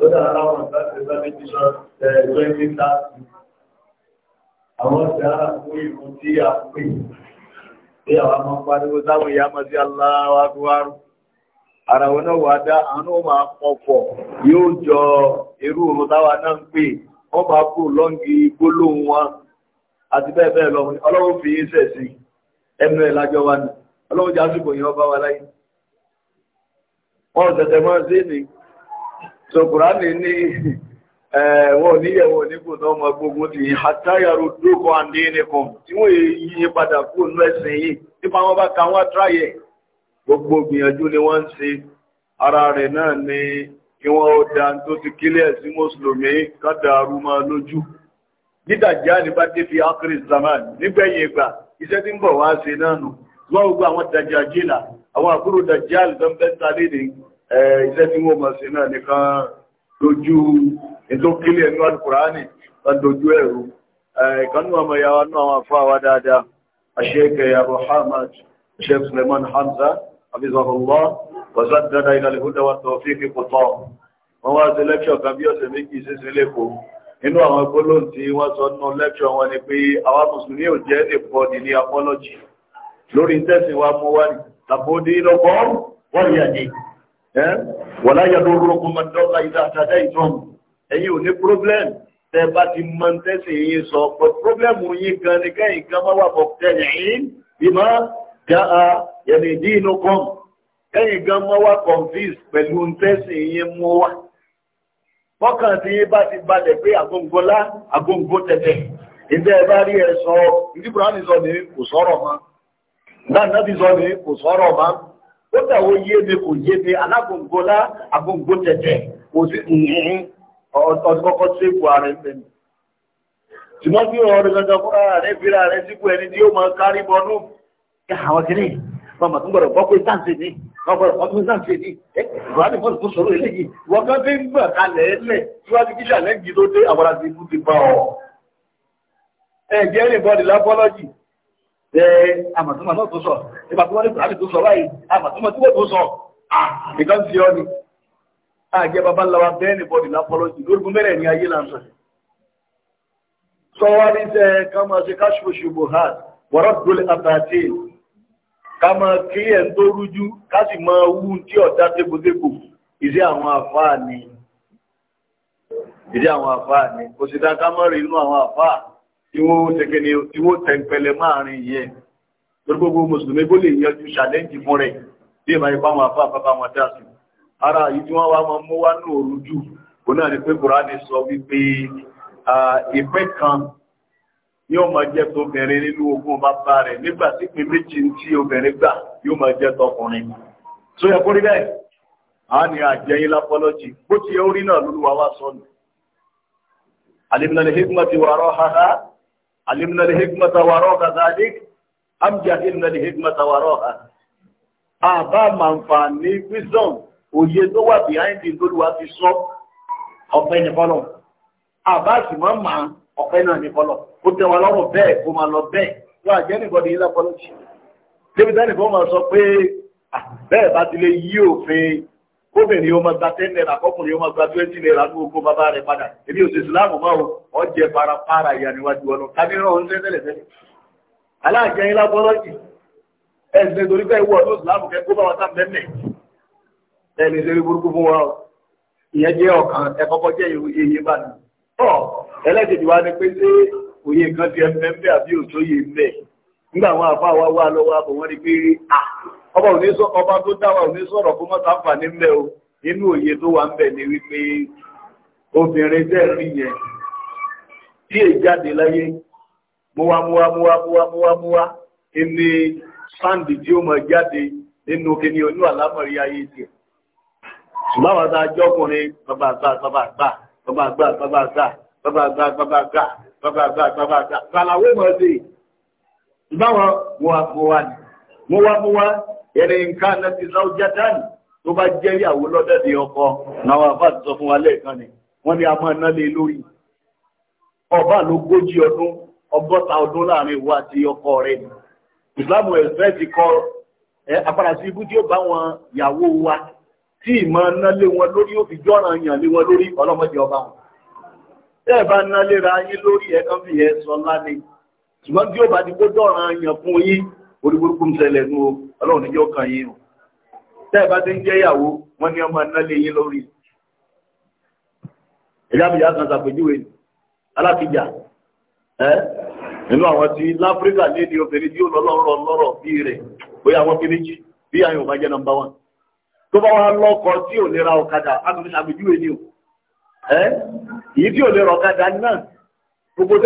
ó dára tí ara fún ìrùn tí a pè tí àwọn ọmọ pariwo táwọn ìyá mọ́ sí aláwọ̀ agbáwárù ara wọn náà wà dá àwọn náà máa yóò jọ irú náà ń pè wọ́n máa kú wọn àti bẹ́ẹ̀ bẹ́ẹ̀ lọ so kùránì ní wọn ò níyẹ̀wò nígbò tó ọmọ gbogbo ti àtàyàrò dókò àndé nìkan tí wọ́n yí padà kú nú ẹ̀sìn yìí nípa wọn bá ka wọn tráyẹ̀ gbogbo gbìyànjú ni wọ́n ń ṣe ara rẹ̀ náà ni kí wọ́n ó da tó ti kílẹ̀ sí mùsùlùmí kádàrú máa lójú dídàjá ní bá dé fi ákírí zaman nígbẹ̀yìn ìgbà iṣẹ́ tí ń bọ̀ wá ṣe náà nù wọ́n gbogbo àwọn dàjà jìlà àwọn àbúrò dàjà àlùfẹ́ ń iṣẹ́ tí wọ́n mọ̀ sí náà nìkan dojú ètò kílẹ̀ ẹ̀nú alukùránì kan dojú ẹ̀rù ìkanú ọmọ ìyàwó náà àwọn afọ àwa dáadáa àṣẹ́kẹ̀ yàrá Muhammad Sheikh Suleiman Hamza abizahullah wazadada ìlàlẹ́húdà wa tawfiq pọ̀tọ́ wọ́n wá sí lẹ́kṣọ̀ kan bí ọ̀sẹ̀ méjì sísè lẹ́kọ̀ọ́ nínú àwọn gbólóhùn tí wọ́n sọ nínú lẹ́kṣọ̀ wọn ni pé àwa mùsùlùmí ò jẹ́ èpọ̀ nílé wọ̀lá yẹ̀dọ̀ orúkún mọ̀dọ́lá ìdájádá ìtàn ẹ̀yin ò ní problem tẹ́ bá ti mọ tẹ́sì yìí sọ pọ̀ problem yìí gan ni kẹ́yìn gan máa wà bọ̀ tẹ̀lé yìí bí má já a yẹ̀mí dí inú kan kẹ́yìn gan máa wà confuse pẹ̀lú tẹ́sì yìí mú wa fọ́kàn tí yìí bá ti balẹ̀ pé àgóngólá àgóngó tẹ̀tẹ̀ ìdẹ́ ẹ bá rí ẹ sọ ìdíbùrán ni sọ ní kò sọ̀rọ̀ ó tẹ̀wọ́ yé mi kò yé mi alágbòǹgbòlá agbòǹgbò tẹ̀tẹ̀ kò sí ọ̀kọ̀ọ̀kọ̀ tó ipò ààrẹ ń ṣùgbọ́n bí ọ̀rọ̀ gangan fún ara rẹ̀ fíra rẹ̀ sípò ẹni tí ó máa kárí bọnú àwọn kìíní ọmọ tó gbọ́dọ̀ gbọ́pẹ́ sáǹsì ní ọgbọ́dọ̀ ọdún sáǹsì ní ìwádìí fọ́nù tó sọ̀rọ̀ àmàtúmọ̀ náà tó sọ ìgbà tó wọ́n ní kùránì tó sọ báyìí àmàtúmọ̀ tí wọ́n tó sọ nìkan fi ọ́ ni àjẹ́ babaláwa bẹ́ẹ̀ ni bọ́ọ̀dì lápọ́lọ́ sí lórúkú mẹ́rẹ̀ ní ayé là ń sọ sọ wá ní sẹ ká máa ṣe káṣù ṣubú ha wọ́rọ́ dole àtàtì ká máa kí ẹ̀ ń tó rújú ká sì máa wú tí ọ̀dá tégbòtégbò ìdí àwọn àfáà ni ìdí àwọn àfáà ni kò sì dá ká mọ́ rí inú ìwọ́n tẹ́kẹ́ ni ìwọ́n tẹ̀pẹ̀lẹ̀ máàrin yẹ gbogbo mùsùlùmí bó lè yọjú ṣàlẹ́ǹjì fún rẹ̀ bí ìbá ipá wọn àfá àfá wọn dá sí ara yìí tí wọ́n wá mọ́ mú wá ní òru jù náà ni pé Kùránì sọ wípé ìpín kan yóò máa jẹ́ tóbìnrin nínú ogún bàbá rẹ̀ nígbà tí pé méjì tí obìnrin gbà yóò máa jẹ́ tọkùnrin alimna al-hikmata wa ra'a dhalik am jahilna al-hikmata wa ra'a àbá màǹfààní wisdom òye tó wà behind the olúwa ti sọ ọ̀pẹ ní fọlọ́ àbá sì máa ma ọ̀pẹ náà ní fọlọ́ ó tẹ wọn lọ́rùn bẹ́ẹ̀ kó máa lọ bẹ́ẹ̀ wọ́n àjẹ́ nìbọ̀dì yín lápọ́lọ́jì débi tẹ́nìkan máa sọ pé ah, bẹ́ẹ̀ bá ti lè yí òfin kóbìnrin ó máa gba ten naira kọkùnrin ó máa gba twenty naira ní ogún bàbá rẹ̀ padà èmi ò sì ìsìláàmù máa wò ó jẹ parapara ìyá níwájú ọlọ tàbí rán oúnjẹ tẹ́lẹ̀ tẹ́lẹ̀ aláàjẹyìn lábọlọjì ẹsìn torí pé ìwọ ọdún ìsìláàmù kẹ kó bá wọn sáà mẹmẹ ẹni ìṣeré burúkú fún wa o ìyẹn jẹ ọkàn ẹ kọ́kọ́ jẹ iye bá mi tọ ẹlẹ́dẹ̀dẹ̀ wa ni pé ṣé òye kan ti ẹ mẹ́mẹ́ àbí òṣòye mẹ́ nígbà àwọn àfa wa wá lọ́wọ́ ọba òní sọ ọba tó dá wa òní sọ̀rọ̀ kó mọ́ta fà ní mbẹ́ o nínú òye tó wà mbẹ́ ni wípé obìnrin tẹ́ rí yẹn tí è jáde láyé múwa múwa múwa múwa múwa múwa ẹni sáǹdì tí ó mọ̀ jáde nínú kíní onú àlámọ̀rí ayé tiẹ̀ ṣùgbọ́n àwọn ajọ́kùnrin bàbá àgbà bàbá àgbà bàbá àgbà bàbá àgbà bàbá àgbà bàbá àgbà bàbá àgbà bàbá àgbà kàlàwé mọ̀ sí ìbáwọn wọ́n wà ni múwámúwá ẹni nǹkan náà ti sáwọ́ játánì tó bá jẹ́ ìyàwó lọ́dẹ̀dẹ̀ ọkọ náwọn àfáà ti sọ fún wa lẹ́ẹ̀kan ni wọ́n ní a máa ná lé lórí ọba lógójì ọdún ọgọ́ta ọdún láàrin ìwọ àti ọkọ rẹ̀ ìsìláàmù ẹ̀fẹ́ ti kọ apára sí ibú tí ó bá wọn ìyàwó wa tí ìmọ̀ ná lé wọn lórí ó fi jọ́ràn yàn lé wọn lórí ọlọ́mọdé ọba wọn tẹ́ẹ̀ bá ná léra yín lórí ẹ̀kan fi ẹ̀ sọ ńlá ni ṣùgbọ́n tí ó bá ti kó jọ́ràn yàn fún yín orí burúkú ń ṣẹlẹ̀ ní o ọlọ́run níjọ́ kan yín o tẹ́ ẹ bá ti ń jẹ́ ìyàwó wọ́n ní ọmọ iná lé yín lórí ìyá mi yá kan ṣàpèjúwe alákìjà ẹ nínú àwọn tí láfíríkà ní èdè obìnrin tí ó lọ lọ́rọ̀ lọ́rọ̀ bí rẹ̀ bóyá àwọn kí méjì bí àyàn ò bá jẹ́ nọmba wọn tó bá wá lọ́kọ tí ò lè ra ọ̀kadà á tún ṣàpèjúwe ni o ẹ èyí tí ò lè ọ̀kadà náà gbogbo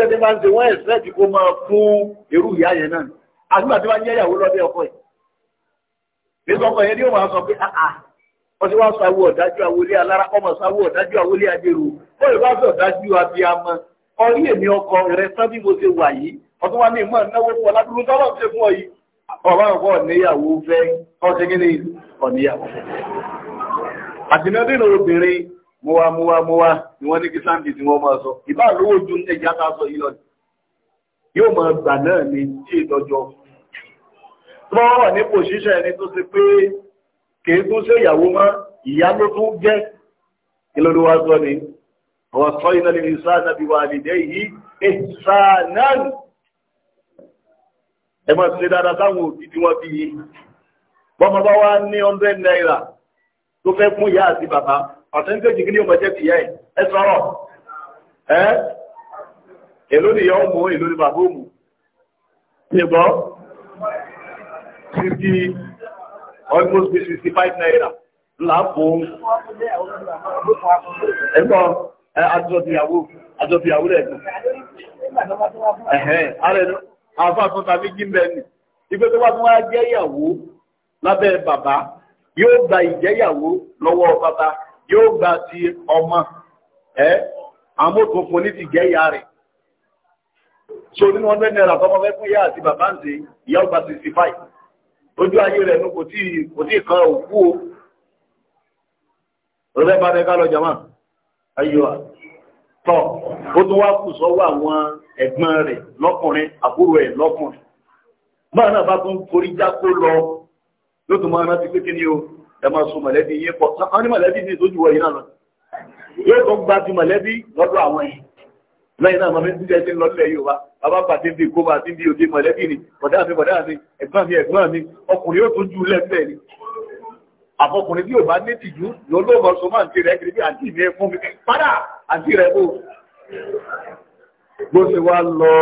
àgbà tí wọ́n ń yẹ́yàwó lọ́dẹ ọkọ yìí. Bébí ọkọ yẹn ni ó máa sọ pé àà ah, wọ́n ah. ti wá sọ awó ọ̀dájú awolé alára ọmọ sọ awó ọ̀dájú awolé ajérò wọ́n lè wá sọ ọ̀dájú abiyamọ ọrí èmi ọkọ rẹ tán bí mo ṣe wà yìí ọtún wa ní ìmọ̀ náwó fún ọ ládùúgbò tọ́lọ̀ ṣe fún ọ yìí ọ̀rọ̀ ọ̀pọ̀ níyàwó fẹ́ ọ̀ṣẹ́ kí ni ọ̀níyàwó fẹ́. àtìnádé ní obìnrin muwa muwa muwa ni wọ́n ní kí sáǹdì tí wọ́n máa sọ ìbá lówó ju ẹja tá a sọ yìí lọ yóò máa gbà náà ní tí ìtọ́jú ọkọ tọ́wọ́ ní pòṣíṣẹ́ ẹni tó ṣe pé kìí tún ṣe ìyàwó mọ́ ìyá ló tún jẹ́ kí ló ló wá sọ ni ọwọ́ sọ iná lè sá nàbí wà nìdẹ́ yìí ẹ̀sà náà ẹ naira tó fẹ́ fún ìyá àti bàbá ọ̀sẹ̀ńtẹ́jì kí ni ọmọ jẹ́ tìyẹ́ ẹ sọ̀rọ̀ ẹ́ èló ni ni bàbá fifty almost be five naira láàpò ẹ̀kọ́ àjọ̀dìyàwó àjọ̀dìyàwó rẹ̀ kù. Ààrẹ àfà tún tàbí gímbẹ̀ni. Ìgbé tó wá tún wá jẹ́ ìyàwó lábẹ́ bàbá, yóò gba ìjẹ́yàwó lọ́wọ́ bàbá, yóò gba ti ọmọ. Ẹ́ àmótò ní ti jẹ́ ìyá So nínú 100 naira tọmọ fún ìyá àti bàbá ń ṣe, ìyá 65. ojú ayé rẹ̀ nu kò tí kò tí kan òkú o rẹ̀ bá rẹ̀ ká lọ jàmá ayò tọ̀ ó tún wá kù sọ́wọ́ àwọn ẹ̀gbọ́n rẹ̀ lọ́kùnrin àbúrò ẹ̀ lọ́kùnrin máa náà bá tún forí jákó lọ ló tún máa rántí pé kí ni o ẹ máa sun mọ̀lẹ́bí yín pọ̀ sáwọn ní mọ̀lẹ́bí ní ìtọ́jú wọ̀nyí náà lọ yóò tún gba ti mọ̀lẹ́bí lọ́dọ̀ àwọn yìí lẹ́yìn náà mọ̀mí jíjẹ́ tí ń lọ́lẹ̀ yóò wá bàbá pàdé bí kó bá tí bí òde mọ̀lẹ́bí ni bọ̀dá mi bọ̀dá mi ẹ̀gbọ́n mi ẹ̀gbọ́n mi ọkùnrin yóò tó ju lẹ́fẹ̀ẹ́ ni àfọkùnrin tí ò bá ní tìjú ló ló mọ̀ sọmọ́ àǹtí rẹ̀ kiri bí àǹtí mi fún mi padà àǹtí rẹ̀ bò. bó ṣe wá lọ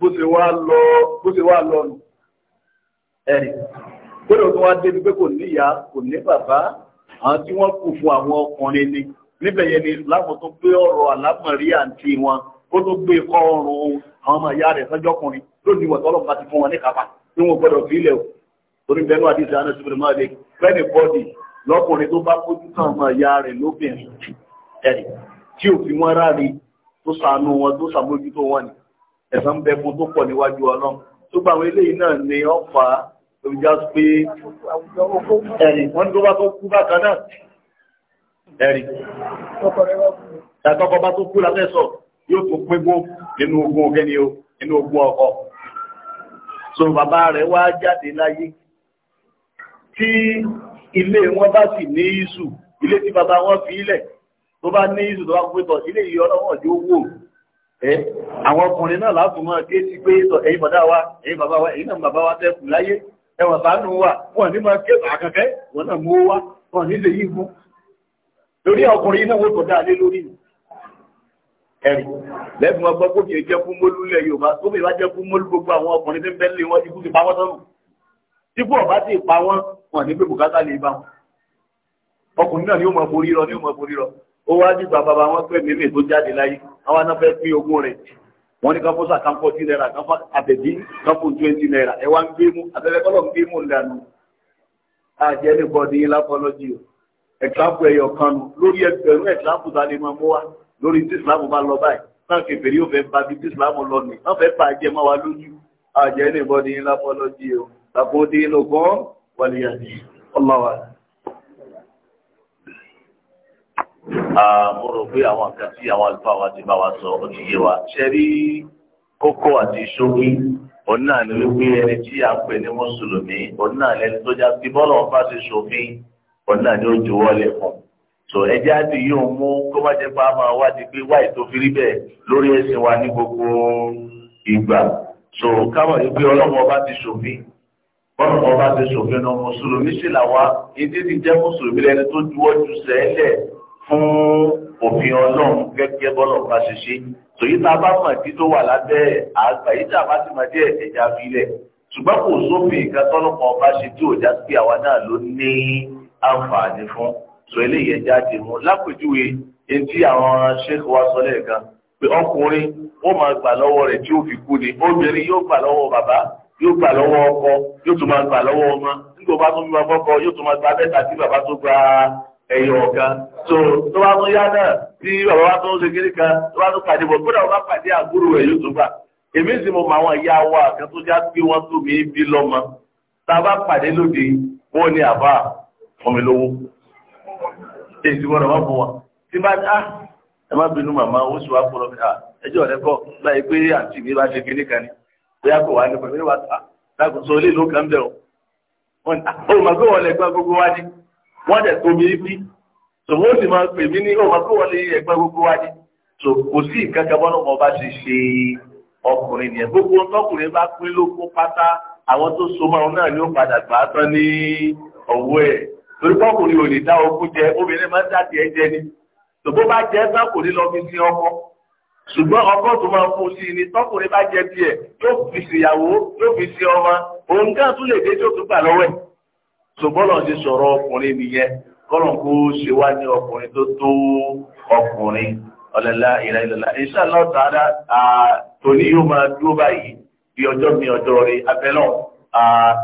bó ṣe wá lọ bó ṣe wá lọ nù. ẹ̀rì kódà tó wá débi pé kò níyà kò ní bàbá àwọn tí wọ́n kù fún àwọn ọkùnrin ni níbẹ̀ yẹn ni láwọn tó gbé ọ̀rọ̀ àlámọ̀rí àǹtí wọn kó tó gbé kọ́ ọrùn àwọn ọmọ ìyá rẹ̀ sọ́jọ́kùnrin lónìí wọ̀ tọ́lọ́mù bá ti fún wọn ní kápá tí wọ́n gbọ́dọ̀ fi ilẹ̀ o torí bẹnu àdìsí àná sí ìbìrì máa lè fẹ́ni bọ́dì lọ́kùnrin tó bá kójú tán ọmọ ìyá rẹ̀ lóbìnrin ẹ̀rì tí ò fi wọ́n ráre tó sànú wọn tó sàmójútó wọn ni ẹ̀san ń bẹ fún tó pọ̀ níwájú ọlọ́run tó gba àwọn eléyìí náà ni ó fà á lórí já pé ẹ̀rì wọ́n tó bá tó kú bákan náà ẹ̀rì ẹ̀kọ́kọ́ bá tó kú lábẹ́ sọ̀rọ̀ yóò tún pígún nínú ogun ogẹ́ni o nínú ogun ọkọ so bàbá rẹ̀ wá jáde láyé tí ilé wọn bá sì ní ìṣù ilé tí bàbá wọn fi ilẹ̀ tó bá ní ìṣù tó bá pé tọ̀ ilé yìí ọlọ́wọ́ yóò wò ẹ́ àwọn ọkùnrin náà láti mọ́ ké sí pé tọ̀ ẹ̀yin bàbá wa ẹ̀yin bàbá wa ẹ̀yin náà bàbá wa tẹ́kù láyé ẹwà sánú wa wọn ní máa ké àkàkẹ́ wọn náà mú wa wọn ní lè yí fún torí ọkùnrin náà wọ́n tọ̀ dáa lórí mi ẹ̀rì lẹ́bùn wọn gbọ́ kókè jẹ́ fún mólú ilẹ̀ yorùbá tó bèèrè bá jẹ́ fún mólú gbogbo àwọn ọkùnrin tí ń bẹ́ẹ̀ lé wọn ikú ti pa wọ́n sọ́nù ikú ọ̀bá ti pa wọ́n wọn ní pé bùkátà lè bá wọn ọkùnrin náà ni ó mọ borí rọ ni ó mọ borí rọ ó wá ní bàbá bá wọn pẹ́ mímì tó jáde láyé àwọn náà fẹ́ pín ogún rẹ̀ wọ́n ní kan fún sàkán fọ́tí náírà kan fún àbẹ̀bí kan fún twenty náírà ẹ wá ń gbé mú abẹ́rẹ́ kọ́lọ̀ ń gbé mú ìlànà àjẹ́ nípa ọdún yín lápọ́lọ́jì o ẹ̀kíláàpù ẹ̀yọ̀ kan nù lórí ẹgbẹ̀rún ẹ̀kíláàpù ta lè máa mú wa lórí tí ìsìláàmù bá lọ báyìí náà kẹfẹ́ yóò fẹ́ ba bí tí ìsìláàmù lọ nì wọ́n fẹ́ bá jẹ́ mọ́ wa lójú àjẹ́ ní ìbọn ní lápọ́lọ́jì o tàbí ó dé inú gan wàlíyà ní ọlọ́wà. mo rò pé àwọn nǹkan tí àwọn àlùfáà wa ti bá wa sọ ó ti yé wa ṣe rí kókó àti ṣókí òun náà ni wípé ẹni tí a pè ní mùsùlùmí òun náà lẹni tó já sí bọ́ọ̀lù ọ̀fà ti ṣòfin so ẹjẹ́ àti yìí ò mú kó má jẹ́ pé a máa wá di pé wáyé tó fi rí bẹ́ẹ̀ lórí ẹ̀sìn wa ní gbogbo ìgbà so káwọn ìgbé ọlọ́mọ ọba ti ṣòfin bọ́lọ̀mọ ọba ti ṣòfin ọ̀nà mùsùlùmí sì làwa ìdí ti jẹ́ mùsùlùmí lẹni tó juwọ́ ju sẹ́ẹ̀lẹ̀ fún òfin ọlọ́run gẹ́gẹ́ bọ́lọ̀ bá ṣe ṣe tòyí tá a bá mọ̀ tí tó wà lábẹ́ àgbà yìí tá a bá ti mọ̀ díẹ̀ ẹ̀já filẹ̀ ṣùgbọ́n kò sófin ìkàtọ́lọ́mọ ọba ṣe tí òjá sí àwa náà ló ní àǹfààní fún sọ eléyìí ẹja ti mú lápèjúwe etí àwọn sheikh wa sọ lẹ́ẹ̀kan pé ọkùnrin ó máa gbà lọ́wọ́ rẹ̀ tí ó fi kú ni obìnrin yóò gbà lọ́wọ́ bàbá yóò gbà lọ́wọ́ ọkọ yóò tún máa gbà lọ́wọ́ ọmọ nígbà bá tún bímọ fọ́kọ yóò tún máa gba mẹ́ta tí bàbá tó gba ẹyọ ọ̀kan tó tó bá tún yá náà tí bàbá wa tó ń ṣe kiri kan tó bá tún pàdé bọ̀ kódà wọn bá pàdé àbúrò rẹ̀ yóò tún gbà èmi sì mo mọ àwọn ìyá wa kan tó já pé wọ́n tó mi bí lọ́mọ tá a bá pàdé lóde wọ́n ní àbá fún mi lówó èsì gbọ́dọ̀ wá fún wa tí bá dá ẹ má bínú màmá ó sì wá fọlọ́ mi ẹjọ́ rẹ kọ́ láyé pé àti mi bá ṣe kíní kan ni bóyá kò wá ní pẹ̀lú wa ta lágùn sọ ilé ìlú kan bẹ̀ o olùmọ̀gbé wọlé ẹgbẹ́ gbogbo wa ni wọ́n dẹ̀ tóbi bí sọ̀rọ̀ ó sì máa pè mí ní olùmọ̀gbé wọlé ẹgbẹ́ gbogbo wa ni so kò sí nǹkan kan bọ́nà wọn bá ṣe ṣe ọkùnrin yẹn gbogbo tọkùnrin bá pín lókun pátá àwọn tó so mọ́ ọ náà ni ó padà gbà á tán ní ọ̀wọ́ ẹ̀ torí pọ́kùnrin ò lè dá ogún jẹ obìnrin máa ń dá tiẹ̀ jẹ ni tòbó bá jẹ ẹ́ sáà kò ní lọ fi sin ọkọ ṣùgbọ́n ọkọ tó máa fún sí ni tọkùnrin bá jẹ tiẹ̀ yóò fi ṣìyàwó yóò fi ṣe ọmọ òun kan tún lè dé tí ó tún gbà lọ́wọ́ ẹ̀ ṣùgbọ́n lọ́n ti sọ̀rọ̀ ọkùnrin nìyẹn kọ́lọ̀ kó ṣe wá ní ọkùnrin tó tó ọkùnrin ọ̀lẹ́lá ìlàlẹ́lá inshallah tòní yóò máa dúró báyìí bí ọjọ́ mi ọjọ́ rẹ̀ abẹ́lọ́ọ̀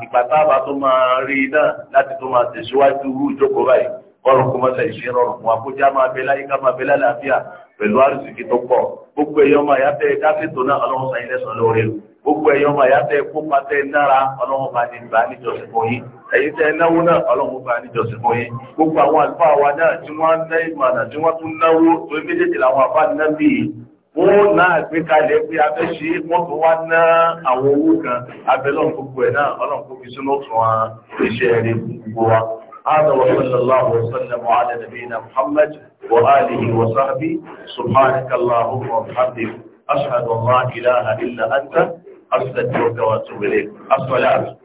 ìgbà táàbà tó máa rí náà láti tó máa tẹ̀síwájú irú ìjókòó báyìí kọ́rùn kó mọ́sẹ̀ ìṣe rọrùn wọn àkójá máa bẹ láyé ká máa bẹ lálàáfíà pẹ̀lú àrùsìkì tó pọ̀ gbogbo èèyàn máa yàtẹ̀ káfíńtò náà ọlọ́run sàn ilẹ̀ sàn lóore gbogbo èèyàn máa yàtẹ̀ kópa tẹ nára ọlọ́run bá ní gbà níjọsìn fún yín ẹ̀yin tẹ náwó náà ọlọ́run bá níjọsìn fún yín gbogbo àwọn àlùfáà wa náà tí wọ́n ń ná tí wọ́n tún náwó tó méjèèjì làwọn àbá náà bíi wọ́n náà gbé kalẹ̀ pé abẹ́ ṣe wọ́n tó wá ná àwọn owó kan abẹ́lọ́n gbogbo ẹ̀ náà ọlọ́n kó fi sínú fún wa iṣẹ́ rẹ̀ gbogbo wa. هذا وصلى الله وسلم على نبينا محمد وآله وصحبه سبحانك اللهم وبحمدك أشهد أن لا إله إلا أنت أستغفرك وأتوب إليك الصلاة